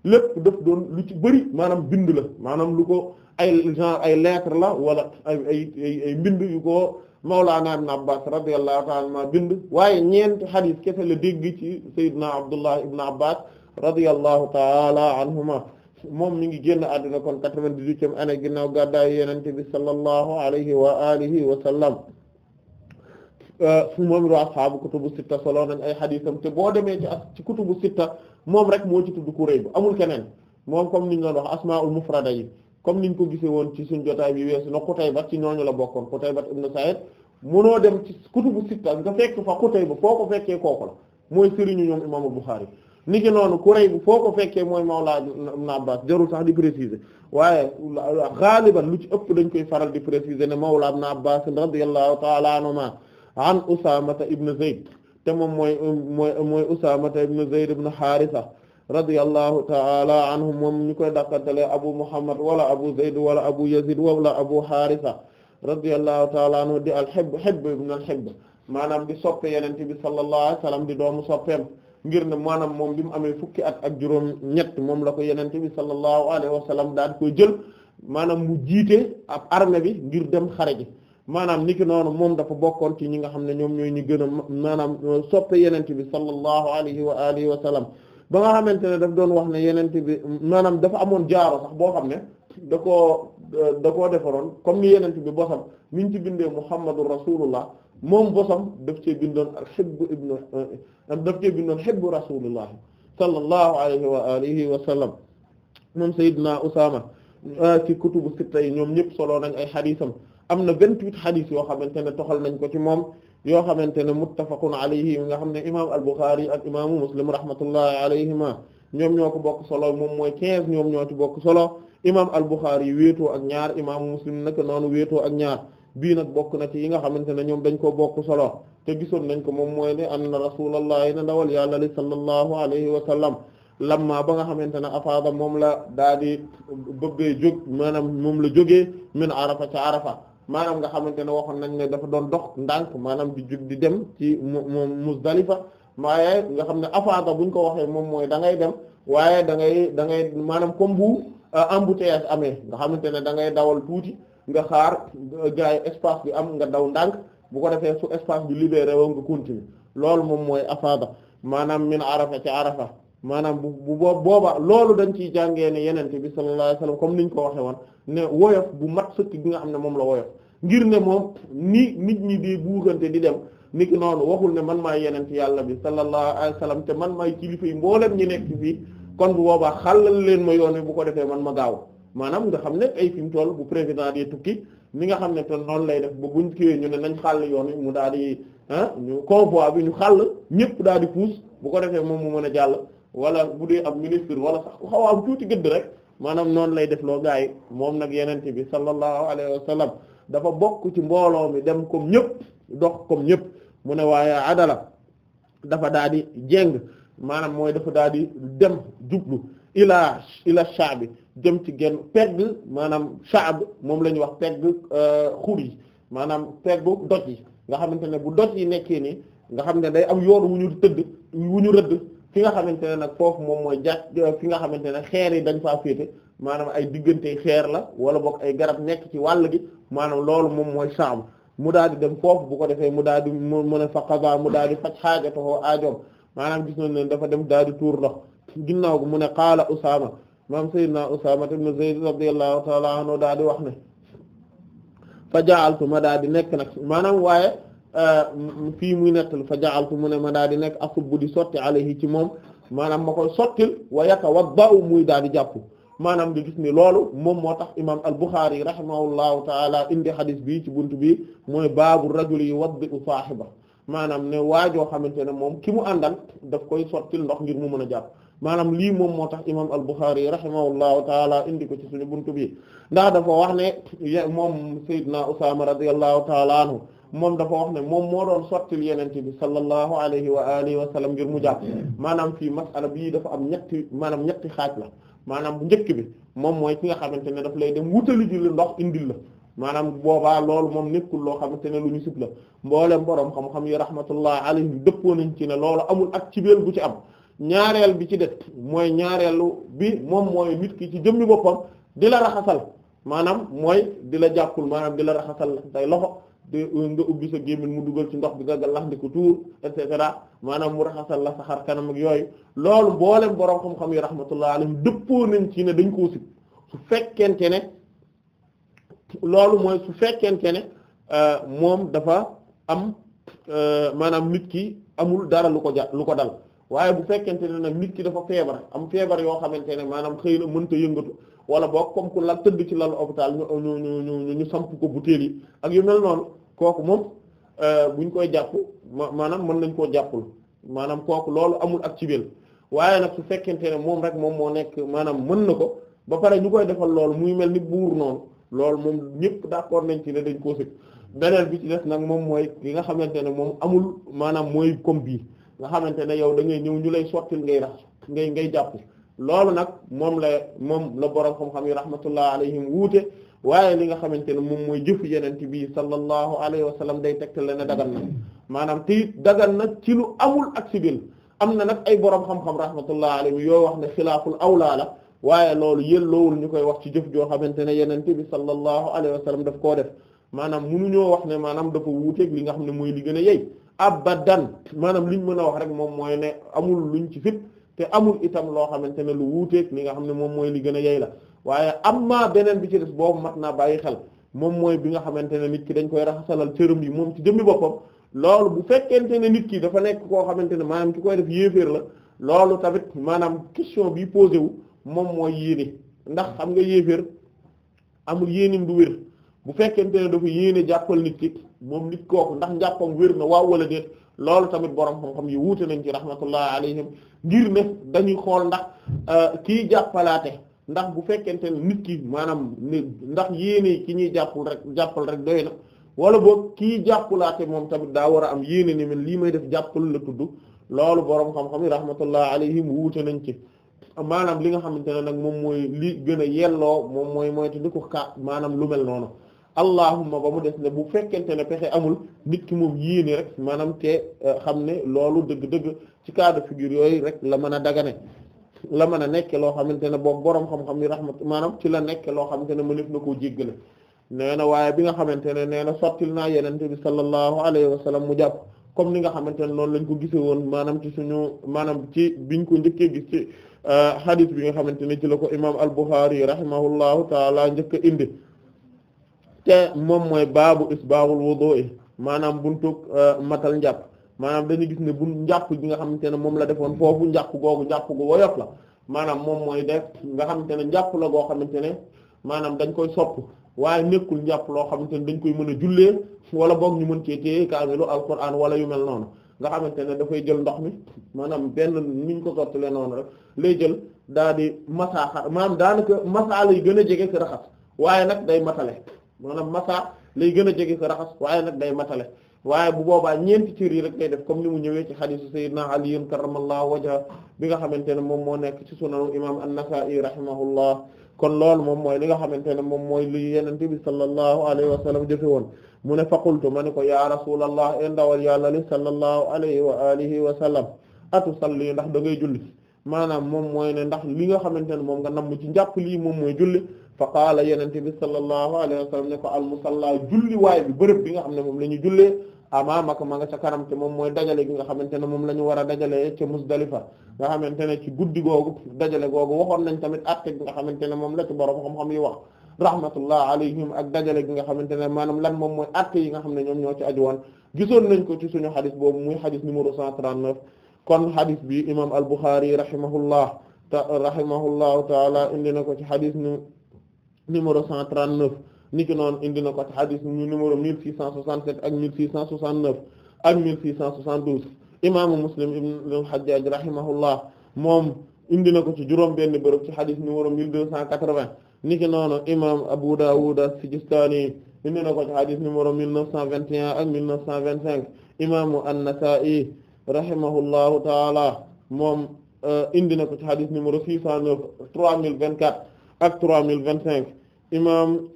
lépp daf doon lu ci bëri maanaam bind la maanaam lu ko ay genre ay lettre la wala ay ay mbind yu ko Mawlana ibn Abbas radiyallahu ta'ala anhuma bind waaye ñeenti xadis kese la dégg ci Seydina Abdullah ibn Abbas radiyallahu ta'ala anhuma moom mi ngi génn àdduna kon quatre vingt dix ginnaaw gàddaay Yonent bi sallallahu alayhi wa alihi wa sallam moom la ashaabu kutubu sitta solo nañ ay xadisam te boo demee ci ci kutubu sitta moom rek moo ci tudd kuréel bi amul keneen moom comme niñ doon wax asmaul mufrada yi comme niñ ko gisee woon ci suñ jotaay bi weesu na Qutayba ci ñooñu la bokkoon Qutayba ibn Sa'id munoo dem ci kutubu sitta nga fekk fa Qutayba foo ko fekkee kooku la mooy sëriñu ñoom imaamu Bukhari ni ki noonu Kurayb bu foo ko fekkee mooy Mawla Ibn Abbas jarul sax di préciser waaye xaaliban lu ci ëpp dañ koy faral di préciser ne Mawla Ibn Abbas radiyallahu ta'ala anhuma an Usaamata ibn Zayd te moom mooy mooy mooy Usaamata ibn Zayd ibn Haarisa radiyallahu ta'ala anhum moom ñu koy dàqantelee Abu Muhammad wala Abu Zayd wala Abu Yazid wala Abu Haarisa radiyallahu ta'ala anhu di al-Hibb Hibb ibn al-Hibb maanaam di soppe yenente bi sallallahu alayhi wasallam di doomu soppeem ngir ne maanaam moom bi mu amee fukki at ak juróom ñett moom la ko yenente bi sallallahu alayhi wasallam daal di koy jël maanaam mu jiite ab armée bi ngir dem xare ji maanaam niki noonu moom dafa bokkoon ci ñi nga xam ne ñoom ñooy ñu gën a maanaam soppe yenente bi sallallahu alayhi wa alihi wa sallam ba nga xamante ne daf doon wax ne yenente bi maanaam dafa amoon jaaro sax boo xam ne da da koo defaroon comme ni yenent bi bosam mi ñu ci bindee muhammadu rasulullah moom bosam daf cee bindoon alhibbu ibnu daf cee bindoon hibbu rasulullah sallallahu alayhi wa alihi wa sallam moom sayyidina Usaama ah, ci kutubu sitta yi ñoom ñëpp solo nañ ay xadisam am na vingt-huit xadis yoo xamante ne toxal nañ ko ci moom yoo xamante ne muttafaqun alayhi nga xam ne imam al-Bukhari ak imaamu Muslim rahmatullahi alayhima ñoom ñoo ko bokk solo moom mooy quinze ñoom ñoo ci bokk solo imam al-Bukhari wéetoo ak ñaar imam Muslim naka noonu wéetoo ak ñaar bii nag bokk na ci yi nga xamante ne ñoom dañ ko bokk solo te gisoon nañ ko moom mooy ne anna rasulullah na ndawal yàlla li sallallahu alayhi wa sallam lamma ba nga xamante ne afaada moom la daal di bëggee jóg maanaam moom la jógee min arafa ca arafa maanaam nga xamante ne waxoon nañ ne dafa doon dox ndànk maanaam di jóg di dem ci moom Muzdalifa waaye nga xam ne afaada buñ ko waxee moom mooy da ngay dem waaye da ngay da ngay maanaam comme bu Euh, embouteillage amee nga xamante ne da ngay dawal tuuti nga xaar euh, gaay espace bi am nga daw ndànk bu ko defee su espace bi libéré woo nga continuer loolu moom mooy afaada maanaam min arafa ci arafa maanaam bu booba loolu dañ ciy jàngee ne yenente bi sallallahu alayhi wasallam comme niñ ko waxe woon ne woyof bu mat sëkk nga xam ne moom la woyof ngir ne moom ni nit ñi di buugante di dem niki noonu waxul ne man maay yenent yàlla bi sallallahu alayhi wasallam te man maay kilifa yi mboolem ñi nekk fii kon bu boobaa xàllal leen ma yoon wi bu ko defee man ma gaaw maanaam nga xam ne ay fi mu toll bu président di tukki ni nga xam ne te noonu lay def ba buñ kiiwee ñu ne nañ xàll yoon wi mu daal di ah ñu convoi bi ñu xàll ñëpp daal di puus bu ko defee moom mu mën a jàll wala bu dee ab ministre wala sax ku xaw am tuuti gëdd rek maanaam noonu lay def loo gaa yi moom nag yeneen bi sallallahu alayhi wa sallam dafa bokk ci mbooloo mi dem comme ñëpp dox comme ñëpp mu ne waaye adala dafa daal di jéng maanaam mooy dafa daal di dem jublu ila ila shaabi jëm ci genn pegg maanaam shaab moom la ñuy wax pegg euh, xur yi maanaam peggu doj yi nga xamante ne bu doj yi nekkee nii nga xam ne day am yoon wu ñu tëdd wu ñu rëdd fi nga xamante ne nag foofu moom mooy jàkk euh, fi nga xamante ne xeer yi dañ faa féete maanaam ay diggante xeer la wala boog ay garab nekk ci wàll gi maanaam loolu moom mooy shaab mu daal di dem foofu bu ko defee mu daal di mu mën a fa qada mu daal di faj xaajatoo aajoom maanaam gis nañ ne dafa dem daal di tuur ndox ginnaaw gi mu ne qaala Usaama maam Seydina Usaama ibn Zayd radiyallahu ta'ala anhu daal di wax ne fa ja'altu ma daal di nekk nag maanaam waaye euh, fii muy nettal fa ja'altu mu ne ma daal di nekk asubbu di sotti alayhi ci moom maanaam ma koy sottil wa yatawadda'u muy daal di jàpp maanaam di gis ni loolu moom moo tax imaam al-Bukhari rahimahullahu ta'ala indi hadis bi ci bunt bi mooy baabu rajuli yuwaddi'u saahibahu maanaam ne waajoo xamante ne moom kii mu àndal daf koy sottil ndox ngir mu mën a jàpp maanaam lii moom moo tax imam al-Bukhari rahimahullahu taala indi ko ci suñu buntu bi ndax dafa wax ne moom Seydina Usaama radiyallahu taala anhu moom dafa wax ne moom moo doon sottil yenente bi sallallahu alayhi wa alihi wa sallam ngir mu jàpp maanaam fii masala bii dafa am ñetti maanaam ñetti xaaj la maanaam bu njëkk bi moom mooy ki nga xamante ne daf lay dem wutali ji la ndox indil la maanaam boobaa loolu moom nekkul loo xamante ne lu ñu sib la mboolem boroom xam-xam yi rahmatullah alayhim dëppoo nañ ci ne loolu amul ak ci béel bu ci am ñaareel bi ci def mooy ñaareelu bi moom mooy nit ki ci jëmmi boppam di la raxasal maanaam mooy di la jàppul maanaam di la raxasal say loxo di nga ubbi sa gémmiñ mu dugal ci ndox bi nga gallax di ko tuur et maanaam mu raxasal la sa xar yooyu loolu mboolem boroom xam-xam yi rahmatullah alayhim dëppoo nañ ci ne dañ koo sib su fekkente ne loolu mooy su fekkente ne euh, moom dafa am euh, maanaam nit ki amul dara lu ko ja lu ko dal waaye bu fekkente ne nag nit ki dafa feebar am feebar yoo xamante ne maanaam xëy na mënta yëngatu wala boog comme ku lal tëdd ci lalu hôpital ñu ñu ñu ñu samp ko butéel yi ak yu mel noonu kooku moom euh, buñ koy jàpp maanaam mën nañ koo jàppul maanaam kooku loolu amul ak ci biir waaye nag su fekkente ne moom rek moom moo nekk maanaam mën na ko ba pare ñu koy defal loolu muy mel ni buur noonu. loolu moom ñëpp d'accord nañ ci ne dañ koo sëkk bi ci nag moom mooy ki nga xamante ne moom amul maanaam mooy comme bii nga xamante ne yow da ñëw ñu lay sottil ngay rax ngay ngay jàpp loolu nag moom la moom la borom xam-xam yi rahmatullah alayhim wuute waaye li nga xamante ne moom mooy jëfu yenente bi sallallahu alayhi wa sallam day tegtale ne dagan na maanaam te it dagan na ci lu amul ak sibil am na nag ay borom xam-xam rahmatullah alayhim yoo wax ne xilaaful awlaa la waaye loolu yelloowul ñu koy wax ci jëf joo xamante ne yeneen yenente bi sallallahu alayhi wa sallam daf koo def maanaam munuñoo wax ne maanaam dafa wuuteeg li nga xam ne mooy li gën a yey abadan maanaam liñ mën a wax rek moom mooy ne amul luñ ci fit te amul itam loo xamante ne lu wuuteeg li nga xam ne moom mooy li gën a yey la waaye am maa beneen bi ci def boobu mat naa bàyyi xel moom mooy bi nga xamante ne nit ki dañ koy raxasalal cërëm yi moom ci jëmmi boppam loolu bu fekkente ne nit ki dafa nekk koo xamante ne maanaam ki koy def yéeféer la loolu tamit maanaam question bi posé wu moom mooy yéene ndax xam nga yéeféer amul yéenim du wér bu fekkente ne dafa yéene jàppal nit ki moom nit kooku ndax njàppam wér na waaw wala déet loolu tamit borom xam-xam yi wuute nañ ci rahmatullah alayhim ngir ne dañuy xool ndax euh, kii jàppalaate ndax bu fekkente ne nit ki maanaam ndax yéene ki ñuy jàppul rek jàppal rek doy na wala boog kii jàppulaate moom tamit daa war a am yéene nii man lii may def jàppal la tudd loolu borom xam-xam yi rahmatullah alayhim wuute nañ ci maanaam li nga xamante ne nag moom mooy li gën a yelloo moom mooy moytu di ko ka maanaam lu mel noonu allahumma ba mu des ne bu fekkente ne pexe amul nit ki moom yéene rek maanaam te eh, xam ne loolu dëgg-dëgg ci cas de figure yooyu rek la mën a dagane la mën a nekk loo xamante ne boobu boroom xam-xam yi rahmat maanaam ci la nekk loo xamante ne mëneef na koo jéggale nee na waaye bi nga xamante ne nee na sottil naa yenente bi sallallahu alayhi wa sallam mu jàpp comme ni nga xamante ne noonu lañ ko gise woon maanaam ci suñu maanaam ci biñ ko njëkkee gis ci Euh, hadith bi nga xamante ne ci la ko imaam al-Bukhari rahimahullahu taala njëkk a indi te moom mooy baabu isbaaxul wudu'i maanaam buntuk euh, matal njàpp maanaam dañu gis ne bu njàpp gi nga xamante ne moom la defoon foofu njàpp googu njàpp gu woyof la maanaam moom mooy def nga xamante ne njàpp goo xamante ne maanaam dañ koy sopp waaye nekkul njàpp loo xamante ne dañ koy mën a jullee wala boog ñu mën cee téye kaamilu alquran wala yu mel noonu nga xamante ne dafay jël ndox mi maanaam benn nuñ ko sottale noonu rek lay jël daa di masaa xar maanaam daanaka masaa lay gën a jege ci raxas waaye nag day matale maanaam masaa lay gën a jege ci raxas waaye nag day matale waaye bu boobaa ñeenti cër yi rek lay def comme ni mu ñëwee ci xadiisu sayyidina Ali karamallahu wajha bi nga xamante ne moom moo nekk ci sunanu imam an-Nasa'i rahimahullah kon loolu moom mooy li nga xamante ne moom mooy li yenente bi sallallahu alayhi wa sallam jëfe woon mu ne fa faqultu ma ne ko ya rasulallah e ndawal yàlla li sallallahu alayhi wa alihi wa sallam atu salli ndax da ngay julli maanaam moom mooy ne ndax li nga xamante ne moom nga nam ci njàpp lii moom mooy julli fa qaala yenente bi sallallahu alayhi wa sallam ne ko al musalla julli waay bi bërëb bi nga xam ne moom la ñu jullee amaamaka ma nga sa kanam te moom mooy dajale gi nga xamante ne moom la ñu war a dajale ca Musdalifa nga xamante ne ci guddi googu dajale googu waxoon nañ tamit atte gi nga xamante ne moom la ci borom xam-xam yi wax rahmatullah alayhim ak dajale gi nga xamante ne maanaam lan moom mooy atte yi nga xam ne ñoom ñoo ci aju woon gisoon nañ ko ci suñu xadis boobu muy xadis numéro 139 kon xadis bi imam al-Bukhari rahimahullah ta rahimahullahu taala indi na ko ci xadis numéro 139 niki noon indi na ko ci hadith numéro 1667 ak 1669 ak 1672 imaamu muslim ibn al rahimahullah moom indi na ko ci juróom benn bërëb ci hadith numéro 1280 niki noonu imaam Abu Dawud as-Sijistani indi na ko ci hadith numéro 1921 ak 1925 imaamu an-Nasa'i rahimahullahu taala moom euh, indi na ko ci hadith numéro 609 3024 ak 3025 imaam.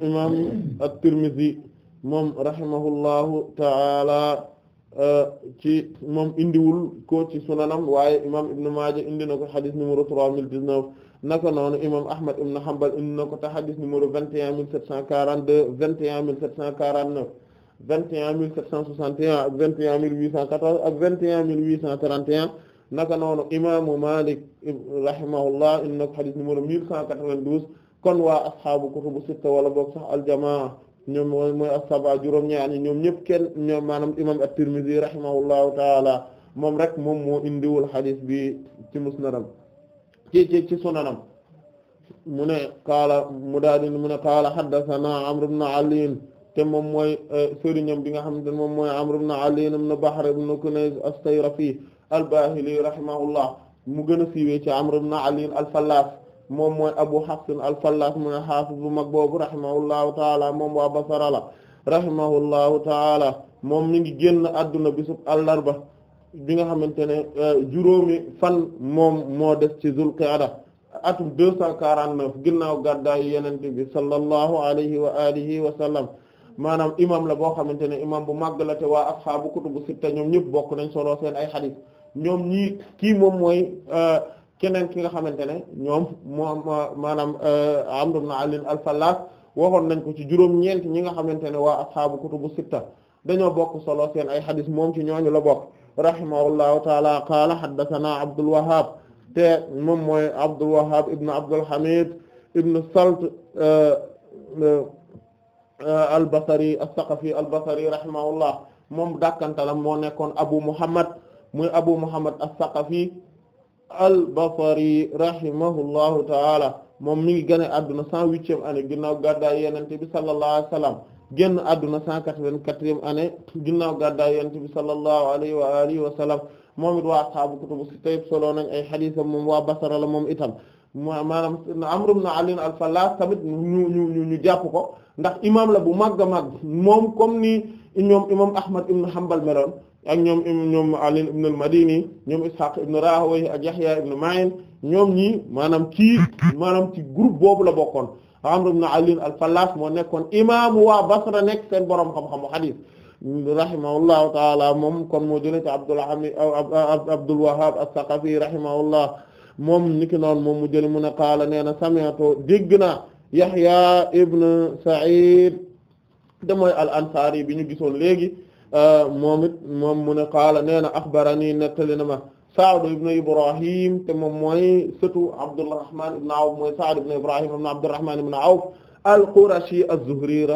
imam at-Tirmidhi moom rahimahullahu ta'ala ci moom indiwul ko ci sunanam waaye imam Ibn Maaja indi na ko xadis numéro trois mille dix naka noonu imam Ahmad ibn Hanbal indi na ko te xadis numéro vingt et un mille sept cent quarante deux vingt et un mille sept cent quarante neuf vingt et un mille sept cent soixante et un ak vingt et un mille huit cent quatorze ak et un mille huit cent trente et un naka noonu imaamu Maalik rahimahullah indi na ko xadis numéro mille cent quatre vingt douze kon waa asxaabu kutubu sitta wala boog sax aljamaa ñoom mooy mooy asxaaba ñoom ñëpp kenn ñoom maanaam imam at rahimahullahu taala moom rek moom moo indiwul xadis bi ci musnadam ci ci ci sunanam mu ne qaala mu daa din mu ne qaala xaddathana Amr ibn Ali te moom mooy euh, ñoom bi nga xam ne moom mooy Amr ibn Ali ibn Bahr ibn Kunayz as-Sayrafi al rahimahullah mu gën a siiwee ci Amr ibn Ali al moom mooy Abu Hafs al-Fallaas mu ne xaafis bu mag boobu rahimahullahu taala moom waa Basra la rahimahullahu taala moom mi ngi génn adduna bisub àllarba bi nga xamante ne euh, juróomi fan moom moo def ci Zulqaada atum deux cent quarante-neuf ginnaaw gàddaayu Yonent bi sallallahu alayhi wa alihi wa sallam maanaam imam la boo xamante ne imam bu màgg la te waa ashaabu kutubu sitta ñoom ñëpp bokk nañ solo seen ay xadiis ñoom ñii kii moom mooy euh, keneen ki nga xamante ne ñoom moom maanaam euh, Amr ibn Ali al-Fallas waxoon nañ ko ci juróom-ñeent ñi nga xamante ne waa ashaabu kutubu sitta dañoo bokk solo seen ay xadis moom ci ñooñu la bokk rahimahullahu taala qaala haddathana Abdul Wahhab te moom mooy Abdul Wahhab ibn Abdul Hamid ibn Salt euh, euh, al-Basri as-Saqafi al-Basri rahimahullah moom dàkkantalam moo nekkoon Abu Muhammad muy Abu Muhammad as-Saqafi al-Basri rahimahullahu taala moom mi ngi gane adduna cent huitième année ginnaaw gàddaay yenente bi sallallahu alayhi wa sallam génn adduna cent quatre-vingt-quatrième année ginnaaw gàddaay yenente bi sallallahu alayhi wa alihi wa sallam moom it waa ashaabu kutubu sitta solo nañ ay xadiisam moom waa Basra la moom itam maanaam Amr ibn Ali al-Fallas tamit ñu ñu ñu jàpp ko ndax imam la bu màgg a moom comme ni ñoom imam Ahmad ibn Hanbal meloon ak ñoom ñoom Ali ibn al-Madini ñoom Ishaq ibn Rahawayh ak Yahya ibn Ma'in ñoom ñii maanaam ci maanaam ci groupe boobu la bokkoon Amr ibn Ali al-Fallas moo nekkoon imaamu waa Basra nekk seen borom xam-xamu hadith rahimahullahu taala moom kon moo jëlee ci Abdul Hamid Abdul Wahhab as-Saqafi rahimahullah moom niki noonu moom mu jëlee mu ne qaala nee na sami'tu dégg naa Yahya ibn Sa'id te mooy al ansaari bi ñu gisoon léegi euh, moom it moom mu ne qaala nee na axbarani nettali na ma Saad ibn Ibrahim te moom mooy sëtu Abdurrahman ibn Awf mooy Saad ibn Ibrahim ibn Abdurrahman ibn Awf al-Qurashi az-Zuhri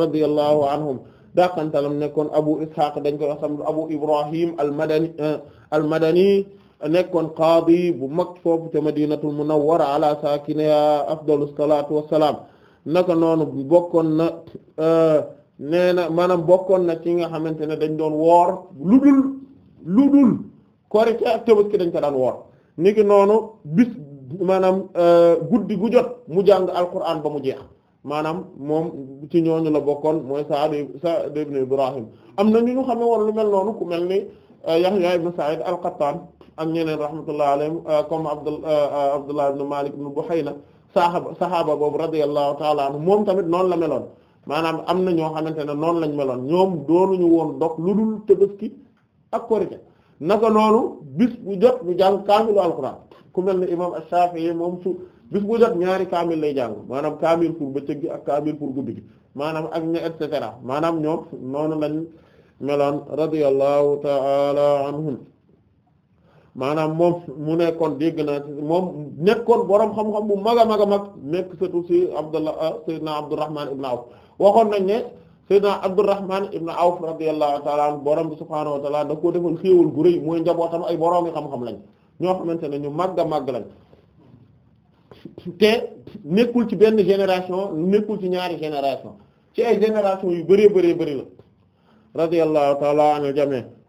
radiyallahu anhum daakantalam nekkoon Abu Ishaq dañ koy wax tam Abu Ibrahim al-Madani euh, al-Madani nekkoon qaadi bu mag foofu te Madinatul Munawwara ala saakiniha afdalus salaatu wassalaam naka noonu bokkoon na euh, nee na maanaam bokkoon na ci nga xamante ne dañ doon woor lu dul lu dul korite ak tabaski dañ ko daan woor niki noonu bis maanaam euh, guddi gu jot mu jàng alquran ba mu jeex maanaam moom ci ñooñu la bokkoon mooy Sa'd Sa'd ibn Ibrahim am na ñu ñu xamee woon lu mel noonu ku mel ni euh, Yahya ibn Sa'id al-Qattan ak ñeneen rahmatullah alayhim comme Abdullah Abdullah ibn Malik ibn Buhayna saxaaba saxaaba boobu radiyallahu taala anhu moom tamit noonu la meloon maanaam am na ñoo xamante ne noonu lañ meloon ñoom ñu woon dog lu dul Tabaski ak Korite naka noonu bis bu jot ñu jàng kaamilu alxuraan ku mel ne imaam Shaafi'i moom su bis bu jot ñaari kaamil lay jàng maanaam kaamil pour ba gi ak kaamil pour guddi gi maanaam ak ña et cetera maanaam ñoom noonu lañ meloon radiyallahu taala anhum maanaam moom mu nekkoon dégg na moom nekkoon boroom xam-xam bu mag a mag a mag nekk surtout ci Abdullah ah, Seydina Abdurrahman ibn Awf waxoon nañ ne Seydina Abdurrahman ibn Awf radiyallahu ta'ala anhu borom bi subhaanahu wa ta'ala daf koo defal xéewal gu rëy mooy njabootam ay boroomi xam-xam lañ ñoo xamante ne ñu màgg a màgg lañ te nekkul ci benn génération nekkul ci ñaari génération ci ay génération yu bëree bëree bëri la radiyallahu ta'ala anil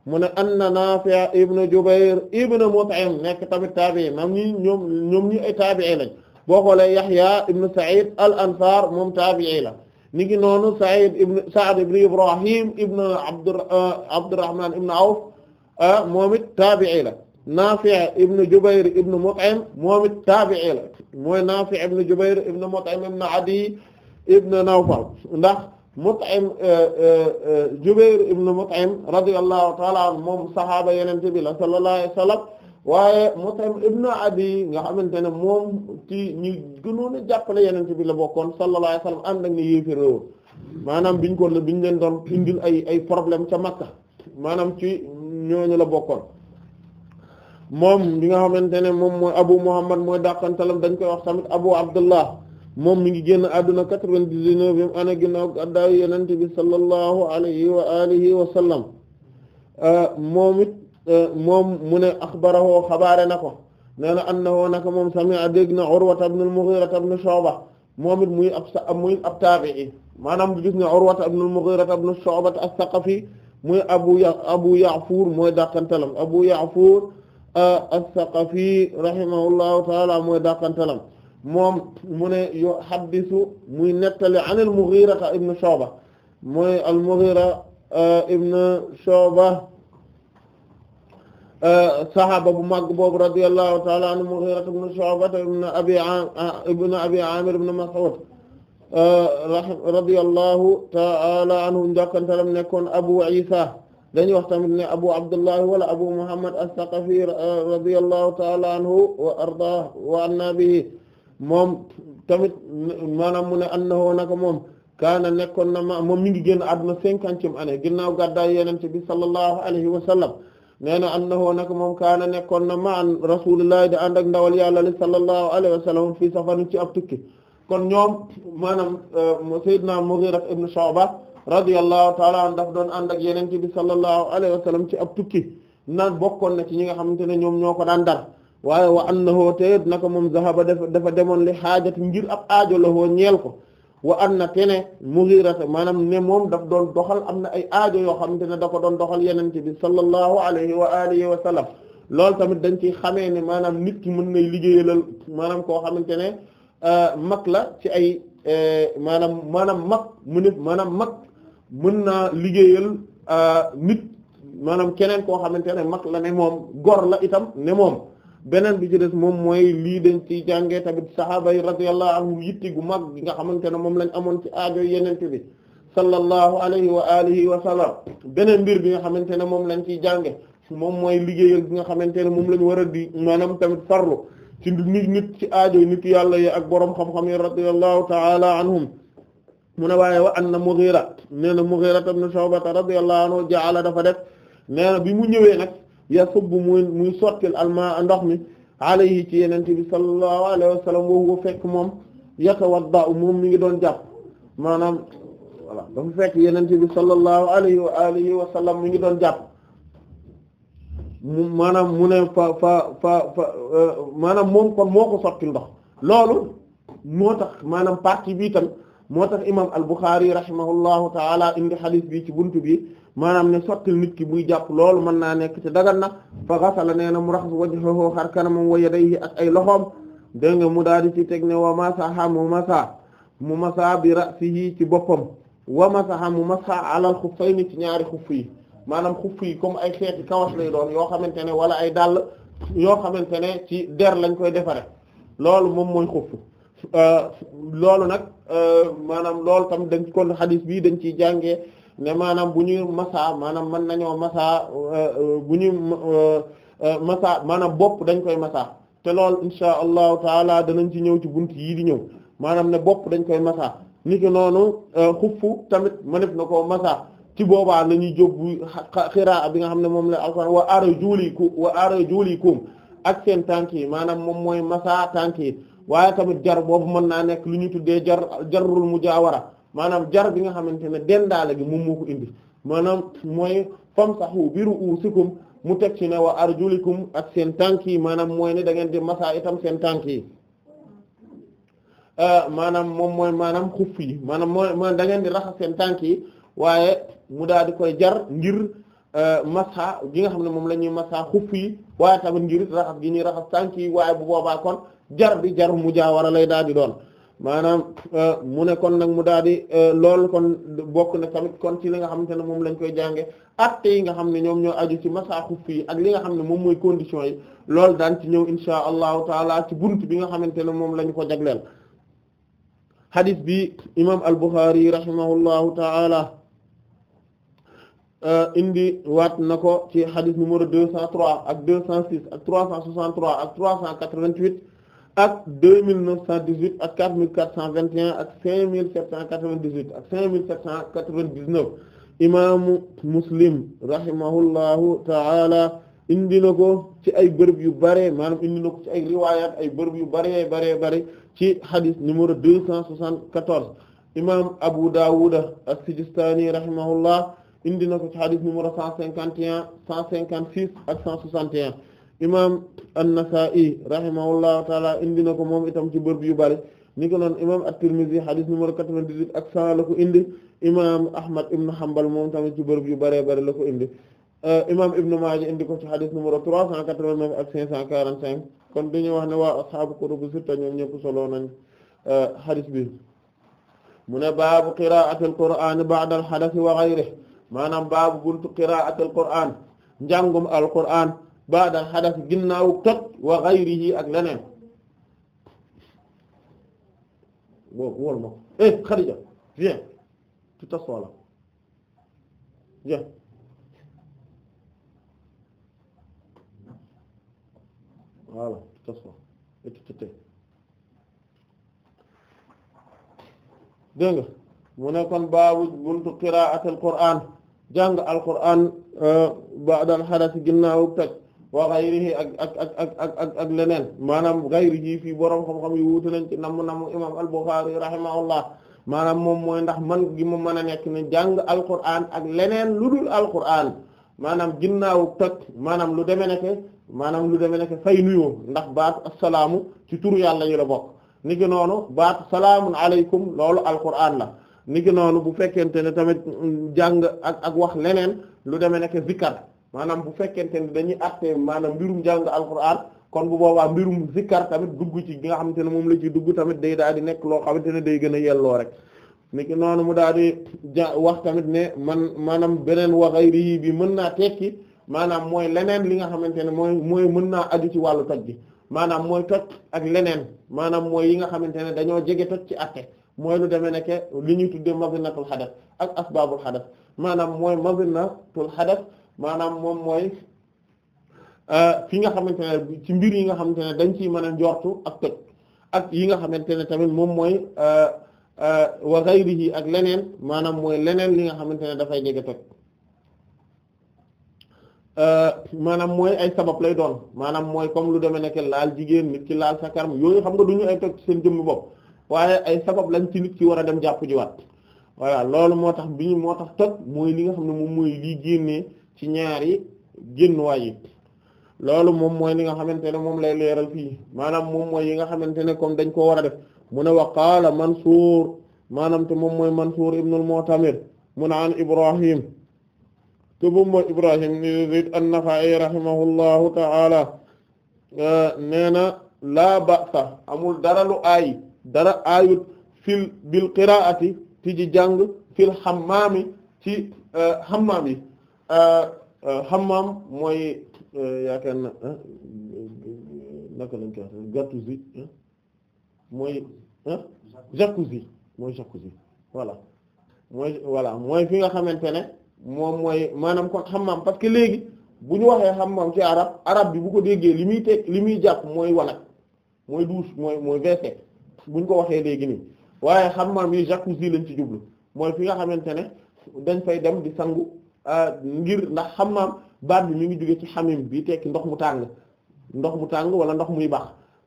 mu ne anna Naafi' ibn Jubayr ibn Mut'im nekk tamit taabi'i mam ñi ñoom ñoom ñi ay taabi'i lañ boo xoolee Yahya ibn Sa'id al-Ansar moom taabi'i la ni ngi noonu Sa'id ibn Sa'd ibn Ibrahim ibn Abd uh, Abdurrahman ibn Awf uh, moom it taabi'i la Naafi' ibn Jubayr ibn Mut'im moom it taabi'i la mooy Naafi' ibn Jubayr ibn Mut'im ibn Adi ibn Nawfal ndax Mut'im eh, eh, eh, Jubair ibn Mut'im radiyallahu ta'ala anhu moom saxaaba Yonent bi la sallallahu alayhi waaye Mut'im ibn Adi nga xamante ne moom ci ñi gënoon a jàppale Yonent bi la bokkoon sallallahu alayhi wa sallam ànd ak ne yéefér maanaam biñ ko la biñ leen doon indil ay ay problème ca Makka maanaam ci ñooñu la bokkoon moom bi nga xamante ne moom mooy Abu Muhammad mooy dàqantalam dañ koy wax tamit Abu Abdullah moom mi ngi génn àdduna quatre-vingt-dix-neuvième année ginnaaw gàddaay Yonent bi sallallahu alayhi wa alihi wa sallam euh, moom it euh, moom mu ne axbarahu xabaare na ko nee na annahu naka moom sami'a dégg na Urwata ibn al-Mughira ibn Shu'ba moom it muy ab sa muy ab taabi'i maanaam gis nga Urwata ibn al-Mughira ibn Shu'ba as-Saqafi muy abu ya abu Ya'fur mooy dàqantalam abu Ya'fur euh, as-Saqafi rahimahullahu ta'ala mooy dàqantalam moom mu ne yu haddisu muy nettali an al-Mughira ibn Shu'ba mooy al-Mughira euh, ibn Shu'ba euh, saxaaba bu màgg boobu radiyallahu ta'ala anhu Mughira ibn Shu'ba ibn Abi ibn Abi Amir ibn Mas'ud euh, radiyallahu ta'ala anhu njàkkantalam nekkoon Abu Isa dañuy wax tamit ne Abu Abdullah wala Abu Muhammad as-Saqafi radiyallahu ta'ala anhu wa ardaah wa anna bihi moom tamit maanaam mu ne annahu naka moom kaana nekkoon na ma moom mi ngi génn àdduna cinquantième année ginnaaw gàddaay yonent bi sallallahu alayhi wa sallam nee na annahu naka moom kaana nekkoon na ma an rasulillahi da ànd ak ndawal yàlla li sallallahu alayhi wa sallam fii safarin ci ab tukki kon ñoom maanaam euh, sayyidna Mughira ibn Shu'ba radiyallahu ta'ala an daf doon ànd ak yonent bi sallallahu alayhi wa sallam ci ab tukki naan bokkoon na ci ñi nga xamante ne ñoom ñoo ko daan dar waaye wa annahu te naka moom zahaba dafa dafa demoon li xaajati ngir ab aajo la woo ñeel ko wa anna te ne mughirata maanaam ne moom daf doon doxal am na ay aajo yoo xamante ne da ko doon doxal yeneen ci bi sallallahu alayhi wa alihi wa sallam loolu tamit dañ ci xamee ne maanaam nit ki mën na liggéeyalal maanaam koo xamante ne euh, mag la ci ay euh, maanaam maanaam mag mu ne maanaam mag mën naa liggéeyal euh, nit maanaam keneen koo xamante ne mag la ne moom gor la itam ne moom beneen bi ci des moom mooy lii dañ ci jàngee tamit sahaaba yi radiyallahu anhum yitti gu mag gi nga xamante ne moom lañ amoon ci aajo yenente bi sallallahu alayhi wa alihi wa sallam beneen mbir bi nga xamante ne moom lañ ciy jànge moom mooy liggéey bi nga xamante ne moom lañ war a di maanaam tamit farlu ci nit nit ci aajo nit yàlla yi ak boroom xam-xam yi radiyallahu ta'ala anhum mu ne waaye wa anna Mughira nee na Mughira ibn Shu'ba radiyallahu anhu ja'ala dafa def nee na bi mu ñëwee yasubbu muy muy sottil almaa ndox mi alayhi ci yenente bi sallallahu alayhi wa sallam wa huwa fekk moom yatawadda'u moom mi ngi doon jàpp maanaam voilà dafa fekk yenente bi sallallahu alayhi wa alihi wa sallam mi ngi doon jàpp maanaam mu ne fa fa fa fa euh, maanaam moom kon moo ko sottil ndox loolu moo tax maanaam partie bi tam moo tax imam al-Bukhari rahimahullahu taala indi xadis bi ci buntu bi maanaam ne sottil nit ki buy jàpp loolu mën naa nekk ci dagan na fa xasala nee na mu raxas wajhahu xar kanamam wa yadayhi ak ay loxoom dégg nga mu daal di ci teg ne wa masaha mu masa mu masa bi ra'sihi ci boppam wa masaha mu masa alal xuffayni ci ñaari xuff yi maanaam xuff yi comme ay xeeti kawas lay doon yoo xamante ne wala ay dàll yoo xamante ne ci der lañ koy defare loolu moom mooy Euh, loolu nag euh, maanaam lool tam dañ kon xadis bi dañ ciy jànge ne maanaam bu ñuy massa maanaam man nañoo massa euh, bu ñuy massa maanaam bopp dañ koy massa te lool insha allahu taala danañ ci ñëw ci bunt yii di ñëw maanaam ne bopp dañ koy massa niki noonu xuffu tamit mënef na koo massa ci boobaa la ñuy jóbbu xiraa bi nga xam ne moom la alxuraan wa arjulikum wa arjulikum ak seen yi maanaam moom mooy massa tànk yi waaye tamit jar boobu mën naa nekk lu ñu tuddee jar jarul mujaawara maanaam jar gi nga xamante ne dendaale gi moom moo ko indi maanaam mooy famsahu bi ru'usikum mu teg ci ne wa arjulikum ak seen tànk yi maanaam mooy ne da ngeen di masa itam seen tànk yi euh, maanaam moom mooy maanaam xuff maanaam mooy mooy di raxas seen tànk yi waaye mu daal di koy jar ngir euh, masa gi nga xam ne moom lañuy ñuy masa xuff waaye tamit ngir raxas gi ñuy raxas tànk yi waaye bu boobaa kon jar bi jar mu jaawara lay daal di doon maanaam euh, mu ne kon nag mu daal di euh, loolu kon bokk na tamit kon ci li nga xamante ne moom lañ koy jànge atte yi nga xam ne ñoom ñoo aju ci masaaxu fii ak li nga xam ne moom mooy condition yi loolu daan ci ñëw insha allahu taala ci bunt bi nga xamante ne moom lañ ko jagleel hadith bi imam al-Bukhari rahimahullahu taala euh, indi waat na ko ci hadith numéro deux cent trois ak deux cent six ak trois cent soixante-trois ak trois cent quatre-vingt-huit ak deux mille neuf cent dix-huit ak quatre et un ak mille sept cent quatre-vingt-dix-huit ak cinq mille sept imaamu muslim rahimahullahu ta'ala indi ko ci ay bërëb yu bare maanaam indina ko ci ay riwaayaat ay bërëb yu bare bare bare ci hadith numéro deux cent soixante-quatorze Abu Dawud as-Sijistani rahimahullah indi na ko ci hadith numéro cent cinquante et un cent cinquante-six ak cent soixante imaam an-Nasa'i rahimahullahu taala indi na ko moom itam ci bërëb yu bari ni ko noon imaam at-Tirmidhi hadith numéro 98 ak 100 la ko indi imaam Ahmad ibn Hanbal moom tamit ci bërëb yu baree bari la ko indi euh, imaam Ibn Maaja indi ko ci hadith numéro 389 ak 545 kon dañuy wax ne waa ashaabu kutubu sitta ñoom ñëpp solo nañ euh, hadith bi mu ne baabu qira'atil qur'aan ba'da al-hadath wa ghayrihi maanaam baabu buntu qira'atil qur'aan njàngum al-qur'aan baadal xadas ginnaaw toj wa ghayrihi ak leneen boobu wol ma eh Khadija viens tu t'assois là viens voilà tu t'assois et mu ne kon baabu buntu qira'atul Qur'an jàng al Qur'an euh, baadal xadas ginnaaw toj wa ghayrihi ak ak ak ak ak ak ak leneen maanaam ghayrihi fii boroom xam-xam yi wuute nañ ci namm namm imam al-Bukhari rahimahullah maanaam moom mooy ndax man gi mu mën a nekk ne jàng alquran ak leneen lu dul alquran maanaam ginnaaw toj maanaam lu deme nekk maanaam lu deme nekk fay nuyoo ndax baatu asalaamu ci turu yàlla yi la bokk ni ki baat baatu salaamun aleykum loolu alquran la ni ki noonu bu fekkente ne tamit jàng ak ak wax leneen lu deme nekk zikkar maanaam bu fekkente ne dañuy àttee maanaam mbirum jàng alquran kon bu boobaa mbirum zikkar tamit dugg ci nga xam xamante ne moom la ci dugg tamit day daal di loo xamante day gën a yelloo rek niki noonu mu daal di ja wax tamit ne man maanaam beneen waxayri yi bi mën naa tekki maanaam mooy leneen li nga xamante ne mooy mooy mën naa aju ci wàllu toj bi maanaam mooy toj ak leneen maanaam mooy yi nga xamante ne dañoo jege toj ci àtte mooy lu demee ne ke li ñuy tuddee mazinatul xadas ak asbabul xadas maanaam mooy mazinatul xadas maanaam moom mooy euh, fi nga xamante ne ci mbir yi nga xam ne dañ ciy mën a njortu ak toj ak yi nga xamante ne tamit moom mooy euh, euh, wa ghayrihi ak leneen maanaam mooy leneen li nga xamante ne dafay jege toj maanaam mooy ay sabab lay doon maanaam mooy comme lu demee nekk laal jigéen nit ci laal sa karam yooyu xam nga du ñu ay toj seen jëmm bopp waaye ay sabab lañ ci nit ci war a dem jàpp jiwaat voilà loolu moo tax bi ñu moo tax toj mooy li nga xam ne moom mooy lii génnee ci ñaari génn waay yi loolu moom mooy li nga xamante ne moom lay leeral fii maanaam moom mooy yi nga xamante ne comme dañ ko war a def mu ne wa qaala Mansuur maanaam te moom mooy Mansuur ibn al-Mu'tamir mu ne an Ibrahim te moom mooy Ibrahim ibn Yazid an-Nakha'i rahimahullahu ta'ala nee na laa ba'sa amul dara lu aay dara aayut fil bil qiraati ti ji jàng fil hammaami ci eh, hammaam yi Euh, euh, Hammam mooy euh, yaakaar na naka lañ koy waxee jacuzzi mooy jacuzzi mooy jacuzzi voilà mooy voilà mooy fi nga xamante ne moom mooy maanaam kon Hammam parce que léegi bu ñu waxee Hammam ci arab arab bi bu ko déggee li muy teg li muy jàpp mooy wanag mooy douche mooy mooy WC bu ñu ko waxee léegi nii waaye xam Hammam yi jacuzzi lañ ci jublu mooy fi nga xamante ne dañ fay dem di sangu. Euh, ngir ndax xam xamaam baat bi mi ngi jóge ci xamim bi tekki ndox mu tàng ndox mu tàng wala ndox muy bax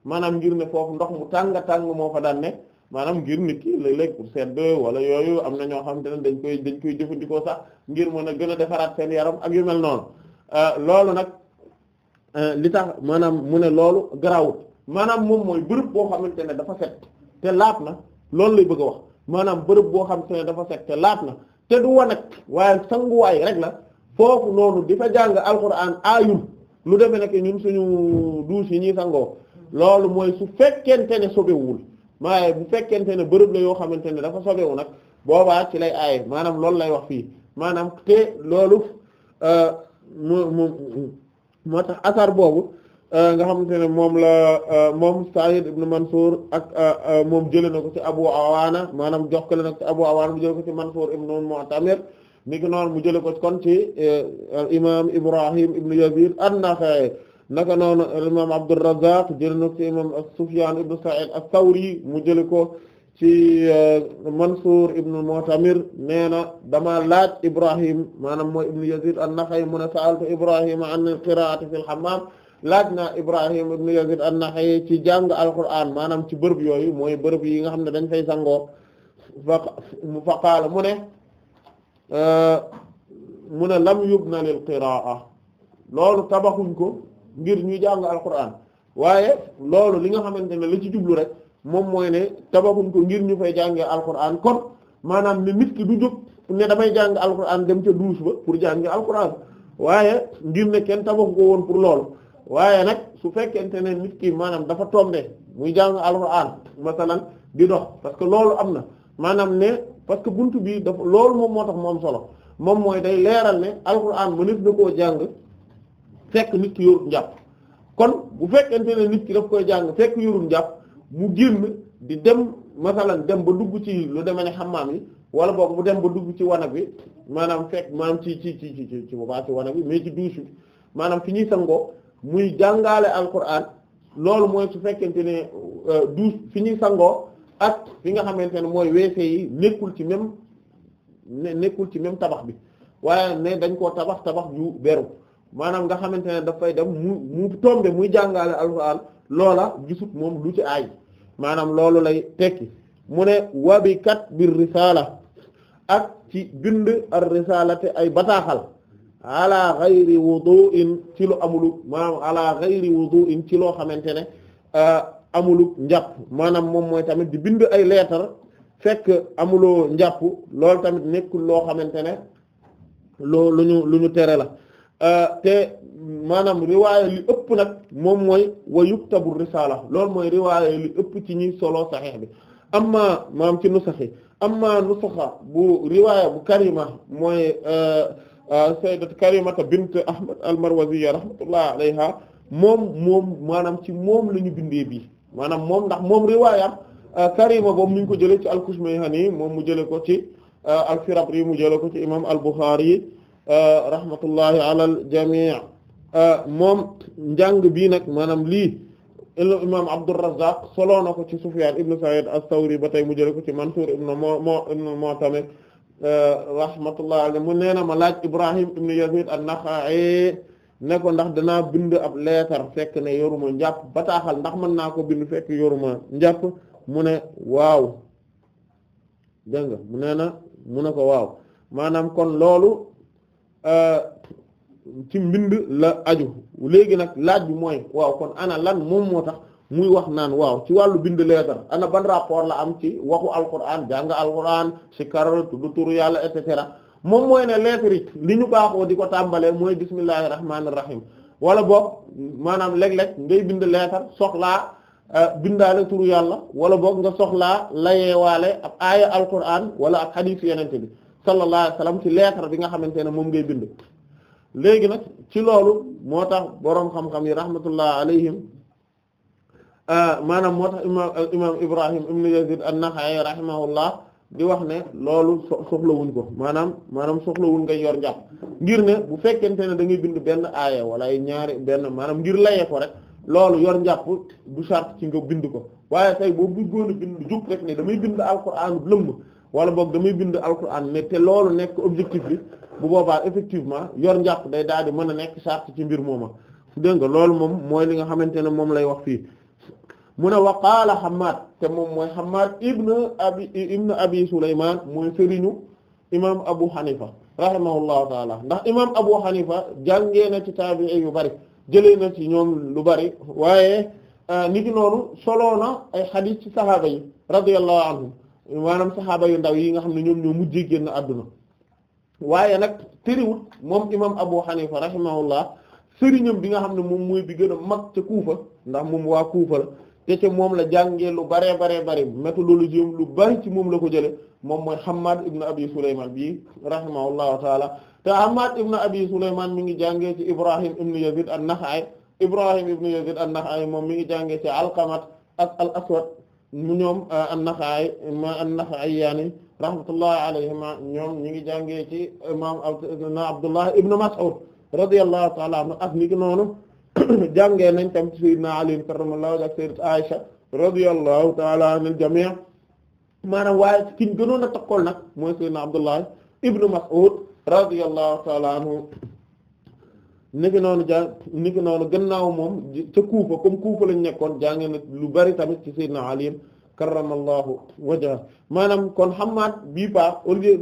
maanaam ngir ne foofu ndox mu tàng tàng moo fa daan ne maanaam ngir nit ki léeg-léeg sedd wala yooyu am na ñoo xamante ne dañ koy dañ koy jëfandikoo sax ngir mën a gën a defaraat seen yaram ak yu mel noonu euh, loolu nag euh, li tax maanaam mu ne loolu garawut maanaam moom mooy bërëb boo xamante ne dafa fet te laab na loolu lay bëgg a wax maanaam bërëb boo xamante ne dafa set te laab na te du wanag waaye sanguwaay rek la foofu noonu di fa jàng alxuraan aayul lu defe nekk ñun suñu douche yi ñuy sangoo loolu mooy su fekkente ne sobewul maaye bu fekkente ne bërëb la yoo xamante ne dafa sobewu nag boobaa ci lay aaye maanaam loolu lay wax fii maanaam te loolu euh, mu moo tax asar boobu Euh, nga xamante ne moom la euh, moom Sa'id ibn Mansur ak euh, moom jëlee na ko ci Abu Awaana maanaam jokkale na ko ci Abu Awaana mu jëlee ko ci Mansur ibn Mu'tamir mi ngi noonu mu jëlee ko kon ci imaam Ibrahim ibn Yazid naka noonu imaam Abdurrazzaq jëlee na ko ci imaam Sufyan ibn Sa'id ath mu jëlee ko ci Mansur ibn Mu'tamir nee na damaa laaj Ibrahim maanaam mooy ibn Yazid an-Nakha'i mu ne sa'altu Ibrahim an qira'ati fil hammam laaj na Ibrahim ibn Yazid an-Nakha'i ci jàng alquran maanaam ci bërëb yooyu mooy bërëb yi nga xam ne dañ fay sangoo fa qaala mu ne mu ne lam yubna lil qiraa loolu tabaxuñ ko ngir ñuy jàng alquran waaye loolu li nga xamante ne la ci jublu rek moom mooy ne tabaxuñ ko ngir ñu fay jàngee alquran kon maanaam ne nit ki du jóg ne damay jàng alquran dem ca duus ba pour jàngee alquran waaye ngir ne kenn tabaxu ko woon pour loolu waaye nag su fekkente ne nit kii maanaam dafa tombé muy jàng alxuraan masalan di dox parce que loolu am na maanaam ne parce que buntu bi dafa loolu moom moo tax moom solo moom mooy day leeral ne alxuraan mënees na koo jàng fekk nit ki yorul njàpp kon bu fekkente ne nit ki daf koy jàng fekk yorul njàpp mu génn di dem masalan dem ba dugg ci lu demee ne xammaam yi wala boog mu dem ba dugg ci wanag bi maanaam fekk maanaam ci ci ci ci ci boobaa ci wanag bi mais ci douche bi maanaam fi ñuy sangoo muy jàngale alquran loolu mooy su fekkente ne euh, douche fi ñuy sangoo ak fi nga xamante ne mooy WC yi nekkul ci même nekkul ci même tabax bi waaye ne dañ koo tabax tabax ju beru maanaam nga xamante ne dafay dem mu mu tombe muy jàngale alquran loola gisut moom lu ci aay maanaam loolu lay tekki mu ne wabi kat bir risala ak ci bind ar risalate ay bataaxal ala ghayri wudu'in ci lu amulug maanaam ala ghayri wudu'in ci loo xamante ne euh, amulug njàpp maanaam moom mooy tamit di bind ay leetar fekk amuloo njàpp loolu tamit nekkul loo xamante ne loo lu ñu lu tere la euh, te maanaam riwaaya li ëpp nag moom mooy wa yuktabu risaala loolu mooy riwaaya li ëpp ci ñi solo saxiix bi amma maam ci nusaxi amma nusaxa bu riwaaya bu karima mooy euh, Euh, sayyidat karimata bint ahmad al-marwaziyya rahmatullah alayha moom moom maanaam ci moom la ñu bindee bii maanaam moom ndax moom riwaayam euh, karima boobu mu ngi ko jëlee ci al-Kushmayhani moom mu jëlee ko ci euh, al-Firabri mu jëlee ko ci imam al-Bukhari rahmatullahi ala al-jami' moom njàng bii nag maanaam lii imam Abdurrazzaq solo na ko ci Sufyan ibn Sa'id as-Sawri ba tey mu jëlee ko ci Mansur ibn Mu'tamir Eh, rahmatullah alayhi mu nee na ma laaj Ibrahim ibn Yazid an-Nakha'i ne ko ndax danaa bind ab leetar fekk ne yoruma njàpp bataaxal ndax mën naa ko bind fekk yoruma njàpp mu ne waaw dégg nga mu nee na mu ne ko waaw maanaam kon loolu eh, ci mbind la aju léegi nag laaj bi mooy waaw kon ana lan moom moo tax muy wax naan waaw ci wàllu bind leetar ana ban rapport la am ci waxu alquran jàng alquran si kar tudd turu yàlla et cetera moom mooy ne leetar yi li ñu baaxoo di ko tàmbalee mooy bismillahir rahmanir rahim wala boog maanaam léeg-léeg ngay bind leetar soxlaa euh, bindaale turu yàlla wala boog nga soxlaa layeewaale ab aaya alquran wala ab xadiis yenente bi sallallahu alayhi ci leetar bi nga xamante ne moom ngay bind léegi nag ci loolu moo tax boroom xam-xam yi rahmatullah alayhim Euh, maanaam moo tax imaam euh, imaam Ibrahim ibn Yazid an-Nakha'i rahimahullah di wax ne loolu soxlawuñ ko maanaam maanaam soxlawuñ ngay yor njàpp ngir ne bu fekkente ne da ngay bind benn aaya wala ay ñaari benn maanaam ngir layee ko rek loolu yor njàpp du sart ci nga bind ko waaye tey boo bëggoon a bind jug rek ne damay bind alquran lëmb wala boog damay bind alquran ne te loolu nekk objectif bi bu boobaa effectivement yor njàpp day daal di mën a nekk sart ci mbir mooma dégg nga loolu moom li nga xamante ne moom lay wax fii mu ne wa qaala te moom mooy Hammad ibn abi ibn abi Sulaymaan mooy sëriñu imaam Abu Hanifa rahimahullahu taala ndax imaam Abu Hanifa jàngee na ci taabi'i yu bari jëlee na ci ñoom lu bari waaye ah, niki noonu soloo na ay xadiis ci saxaaba yi radiyallahu anhum maanaam saxaaba yu ndaw yi nga xam ne ñoom mu mujjee génn àdduna waaye nag tëriwut moom imaam Abu Hanifa rahimahullah sëriñam bi nga xam ne moom mooy bi gën a mag ca Kuufa ndax moom waa Kuufa te ca moom la jàngee lu baree baree bari méthodologie am lu bari ci moom la ko jële moom mooy Hammad ibn Abi Sulayman bi rahimahullahu taala te Hammad ibn Abi Sulayman mi ngi jàngee ci Ibrahim ibn Yazid an-Nakha'i Ibrahim ibn Yazid an-Nakha'i moom mi ngi jàngee ci alkamat ak al-Aswad mu ñoom euh, an-Nakha'i ma an-Nakha'i rahmatullahi alayhima ñoom ñi ngi jàngee ci imam Abdullah ibn Mas'ud radiyallahu taala anhu ak ni noonu jàngee nañ tam sayyidina Ali karramallahu wajhahu ak sayyidat Aisha radiyallahu ta'ala anil jami' maanaam waaye kiñ gënoon a takkool nag mooy sayyidina Abdullah ibnu Mas'ud radiyallahu ta'ala anhu niki noonu jàng niki noonu gannaaw moom ca Kuufa comme Kuufa lañ nekkoon jàngee na lu bari tamit ci sayyidina Ali karramallahu wajhahu maanaam kon Hammad bii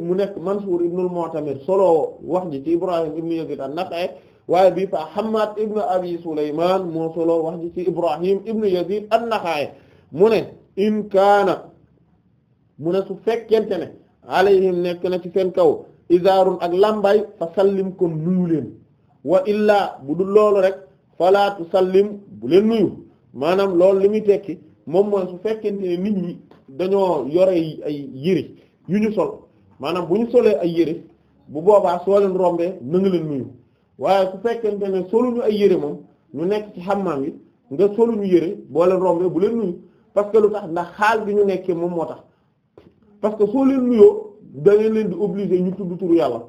mu nekk Mansuur ibnul Mu'tamir solo wax ci Ibrahim ibnu Yazid an-Nakha'i waaye bii fa Hammad ibn Abi Sulaymaan moo solo wax ji ci Ibrahim ibn Yazid an-Nakha'i mu ne in kaana mu ne su fekkente ne alayhim nekk na ci seen kaw izaarun ak lambay fa sallim kon nuyu leen wa illaa bu dul loolu rek falaa tusallim bu leen nuyu maanaam lool li muy tekki moom mooy su fekkente nit ñi dañoo yore ay yëri yu ñu sol maanaam bu ñu solee ay yëri bu boobaa soo leen rombee na leen nuyu waaye su fekkente ne soluñu ay yére moom ñu nekk ci xammaam yi nga soluñu yére boo leen rombee bu leen nuyu parce que lu tax ndax xaal bi ñu nekkee moom moo tax parce que soo leen nuyoo da leen di obligé ñu tudd turu yàlla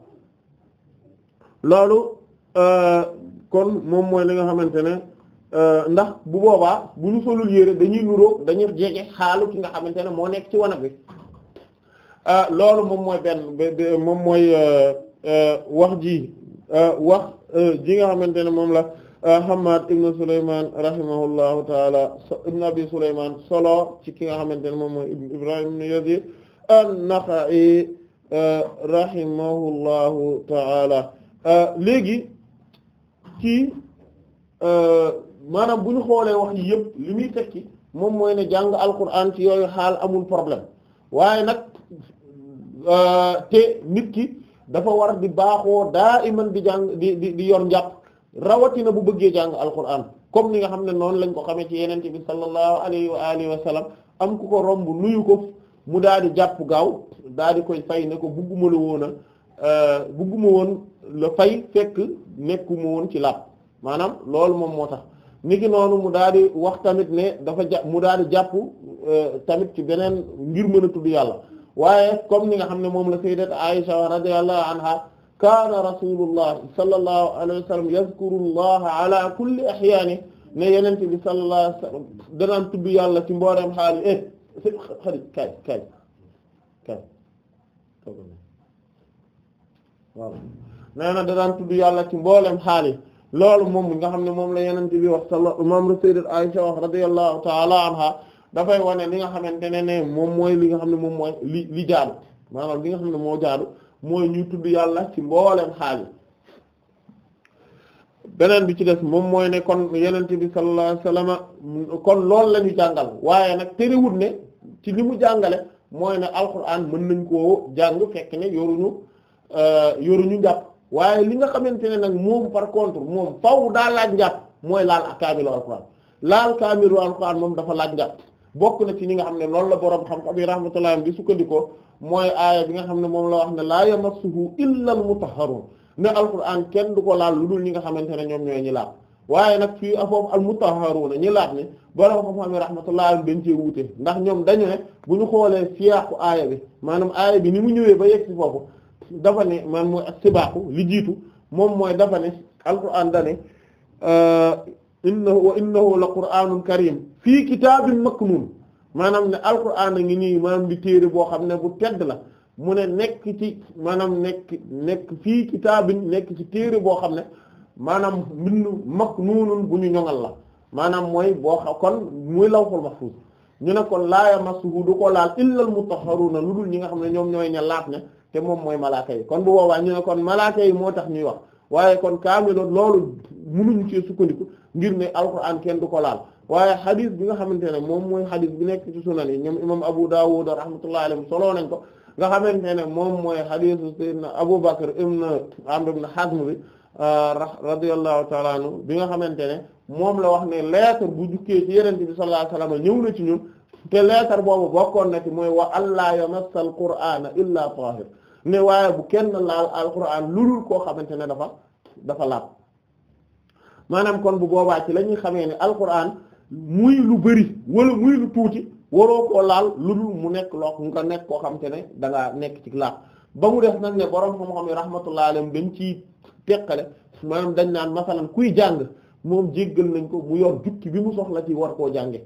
loolu euh, kon moom mooy li nga xamante ne euh, ndax bu boobaa bu ñu solul yére dañuy nuróo dañu jege xaalu ki nga xamante ne moo nekk ci wanag bi euh, loolu moom mooy benn moom mooy wax ji Euh, wax euh, ji nga xamante ne moom la euh, Hammad ibn Sulayman rahimahullahu taala ibn Abi Sulayman solo ci ki nga xamante ne moom mooy Ibrahim ibn Yazid an-Nakha'i rahimahullahu taala léegi ci maanaam buñ ñu xoolee wax yi yëpp li muy tekki moom mooy ne jàng alquran ci yooyu xaal amul problème waaye nag te nit ki dafa war di baaxoo daa iman di jàng di di di yor njàpp rawatina bu bëggee jàng alquran comme ni nga xam ne noonu lañ ko xamee ci yenente bi sallallahu alayhi wa alihi wa sallam am ku ko romb nuyu ko mu daal di jàpp gaaw daal di koy fay ne ko bugguma la woon a euh, bugguma woon la fay fekk nekkuma woon ci làpp maanaam loolu moom moo tax niki noonu mu daal di wax tamit ne dafa ja mu daal di jàpp euh, tamit ci beneen ngir mën a tudd yàlla waaye comme ni nga xam ne moom la sayyidat Aisha radiyallahu anha kaana rasulullah sallallahu alayhi wa sallam yazkurullaha ala kulli ahyaani ne yeneen bi sallallahu alayhi wa sallam danaan tudd yàlla ci mbooleem xaali eh xarit kay kay kay waaw nee na danaan tudd yàlla ci mbooleem xaali loolu moom nga xam ne moom la yeneen bi wax sallallahu moom la sayyidat Aisha anha dafay wane li nga xamante ne ne moom mooy li nga xam ne moom mooy li li jaadu maanaam li nga xam ne moo jaadu mooy ñu tudd yàlla ci mbooleem xaal bi ci des moom mooy kon yenente bi sallallahu alayhi wasallam kon loolu la ñu jàngal waaye nag terewul ne ci li mu jàngale mooy ne alquran mën nañ koo jàng fekk ne yoruñu euh, yoruñu li nga xamante ne nag moom par contre moom faw daa laaj njàpp mooy laal kaamilu alquran laal kaamilu alquran moom dafa laaj njàpp bokk na ci ñi nga am ne loolu la boroom xam-xam yi rahmatullah bi sukkandikoo mooy aaya bi nga xam ne moom la wax ne laa yamassuhu illa al mutahharun ne alquran kenn du ko laal lu dul ñi nga xamante ne ñoom ñooy ñi laab waaye nag fii foofu al mutahharuna ñi laab ne boroom xam-xam yi rahmatullah dañ cee wuute ndax ñoom dañu ne bu ñu xoolee siyaaqu aaya bi maanaam aaya bi ni mu ñëwee ba yegg ci foofu dafa ne man mooy ak sibaaku li jiitu moom mooy dafa ne alquran innahu wa innahu la qur'anun karim fii kitaabin maknun maanaam ne alqur'aan a ngi nii maanaam di téere boo xam ne bu tedd la mu ne nekk ci maanaam nekk nekk fii kitaabin nekk ci téere boo xam ne maanaam mbind maknunun bu ñu ñoŋal la maanaam mooy boo xam kon muy lawhul mahfuz ñu ne kon laa yamassuhu du ko laal illal mutahharuna lu dul ñi nga xam ne ñoom ñooy ña laat ne te moom mooy malaaka yi kon bu boobaa ñu ne kon malaaka yi moo tax ñuy wax waaye kon kaamiloon loolu munuñ ci sukkandiku ngir ne alquran kenn du ko laal waaye xadis bi nga xamante ne moom mooy xadis bi nekk ci sunan yi ñoom imam Abu Dawud rahmatullahi alayhi soloo nañ ko nga xamante ne moom mooy xadisu sayyidina Abu Bakr ibn Amr ibn Hazm bi ah, radiyallahu ta'ala anhu bi nga xamante ne moom la wax ne lettre bu jukkee ci yenente bi sallallahu alayhi wasallam ñëw na ci ñun te lettre boobu bokkoon na ci mooy wa allaa yamassal qur'ana illa tahir ne waaye bu kenn laal lu dul koo xamante ne dafa dafa laab maanaam kon bu boobaa ci la xamee ni alquran muy lu bari wala muy lu tuuti waroo koo laal lulul mu nekk loo nga nekk koo xamante ne danga nekk ci laab ba mu def nag ne borom xam-xam yi rahmatullah alayhim dañ ciy teqale maanaam dañ naan masalan kuy jàng moom jéggal nañ ko mu yor jukki bi mu soxla ci war koo jànge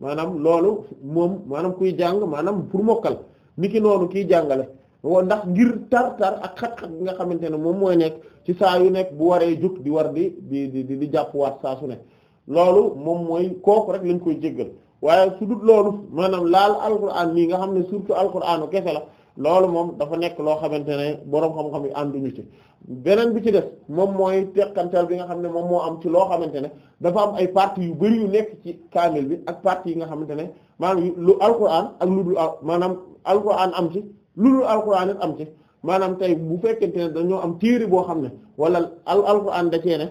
maanaam loolu moom maanaam kuy jàng maanaam pour mokkal niki noonu kiy jàngale ndax ngir tar tar ak xat-xat bi nga xamante ne moom mooy nekk ci saa yu nekk bu waree jug di war di di di di jàppwaat saa su nekk loolu moom mooy kooku rek lañ koy jéggal waaye su loolu maanaam laal alquran nii nga xam ne surtout alquranu kese la loolu moom dafa nekk loo xamante ne boroom xam-xam yi ànduñu ci beneen bi ci def moom mooy teqantal bi nga xam ne moom moo am ci loo xamante ne dafa am ay parties yu bari yu nekk ci kaamil bi ak parties yi nga xamante ne maanaam lu al alquran ak lu dul maanaam alquran am ci lu dul alquran it am ci maanaam tey bu fekkente ne dañoo am téere boo xam ne wala al al da cee ne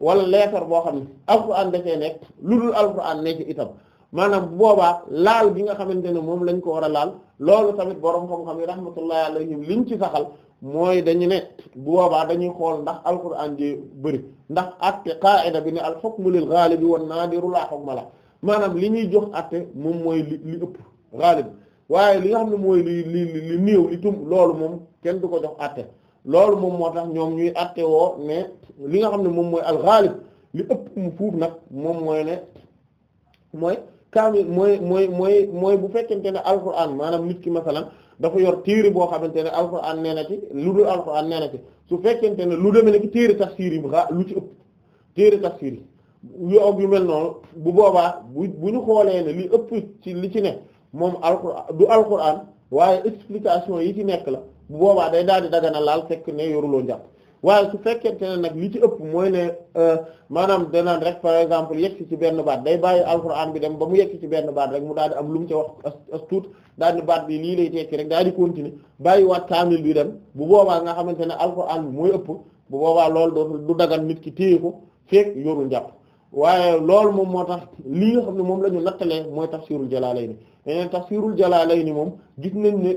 wala leetar boo xam ne alquran da cee nekk lu dul alquran nekk itam maanaam boobaa laal bi nga xamante ne moom lañ ko war a laal loolu tamit borom xam-xam yi rahmatullahi li ñu ci saxal mooy dañu ne boobaa dañuy xool ndax alquran ji bëri ndax atte qaida bi ne al hukmu lil ghalib wan nadiru la hukma la maanaam li ñuy jox atte moom mooy li li ëpp ghalib waaye li nga xam ne mooy li li li néew li tum loolu moom kenn du ko jox àtte loolu moom moo tax ñoom ñuy àtte woo ne li nga xam ne moom mooy alxaalib li ëpp mu fuuf nag moom mooy ne mooy kaamil mooy mooy mooy mooy bu fekkente ne alquran maanaam nit ki masalan dafa yor téere boo xamante ne alquran nee na ci lu dul alquran nee ci su fekkente ne lu demee ne ki téere tafsir yi lu ci ëpp téere tafsir yi yu yu mel noonu bu boobaa bu bu ñu xoolee ne li ëpp ci li ci ne moom alquraan du alquraan waaye explication yi ci nekk la bu boobaa day daal di dagana laal fekk ne yoruloo njàpp waaye su fekkente ne nag li ci ëpp mooy ne euh, maanaam danaan rek par exemple yegg ci benn baat day bàyyi alquraan bi dem ba mu yegg ci benn baat rek mu daal di am lu mu ca wax as tuut di baat bi lii lay tekki daal di continuer bàyyiwaat kaamil bi dem bu boobaa nga xamante ne alquraan bi mooy ëpp bu boobaa loolu dootul du dagan nit ki téye ko yorul njàpp waaye loolu moom moo tax li nga xam ne moom la ñu nattalee mooy tax tafsirul jalaalayni yeneen tafsirul Jalaalayni moom gis nañ ne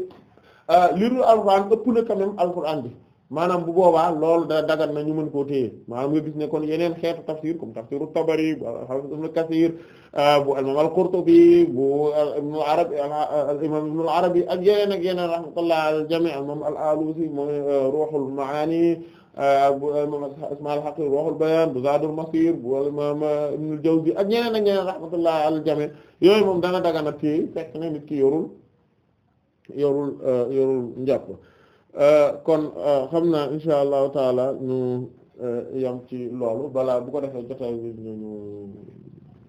euh, li nu alxuraan ëpp na quand même alxuraan bi maanaam bu boobaa loolu da dagat na ñu mën koo téye maanaam nga gis ne kon yeneen xeetu tafsir comme tafsiru Tabari bu al-Hafiz Ibn Kathir euh, bu al-imam al-Qurtubi bu Ibn al-Arabi al-imam euh, Ibn al-Arabi ak yeneen ak yeneen rahmatullah al-jami' moom al-Alusi moom Ruhul Maani bu imam Ismaïl Haqqi Ruhul Bayan bu Zadul Masir bu imam Ibn al-Jawzi ak ñeneen ak ñeneen rahmatullah al jami yooyu moom dana dagana téye fekk na nit ki yorul yorul euh, yorul euh, kon euh, xam naa insha allahu taala ñu yam ci loolu balaa bu ko defee jotaay bi ñu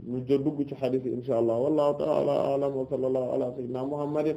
ñu ñu dugg ci hadith yi insha allah wallahu taala alam wa sallallahu ala sayyidina muhammadin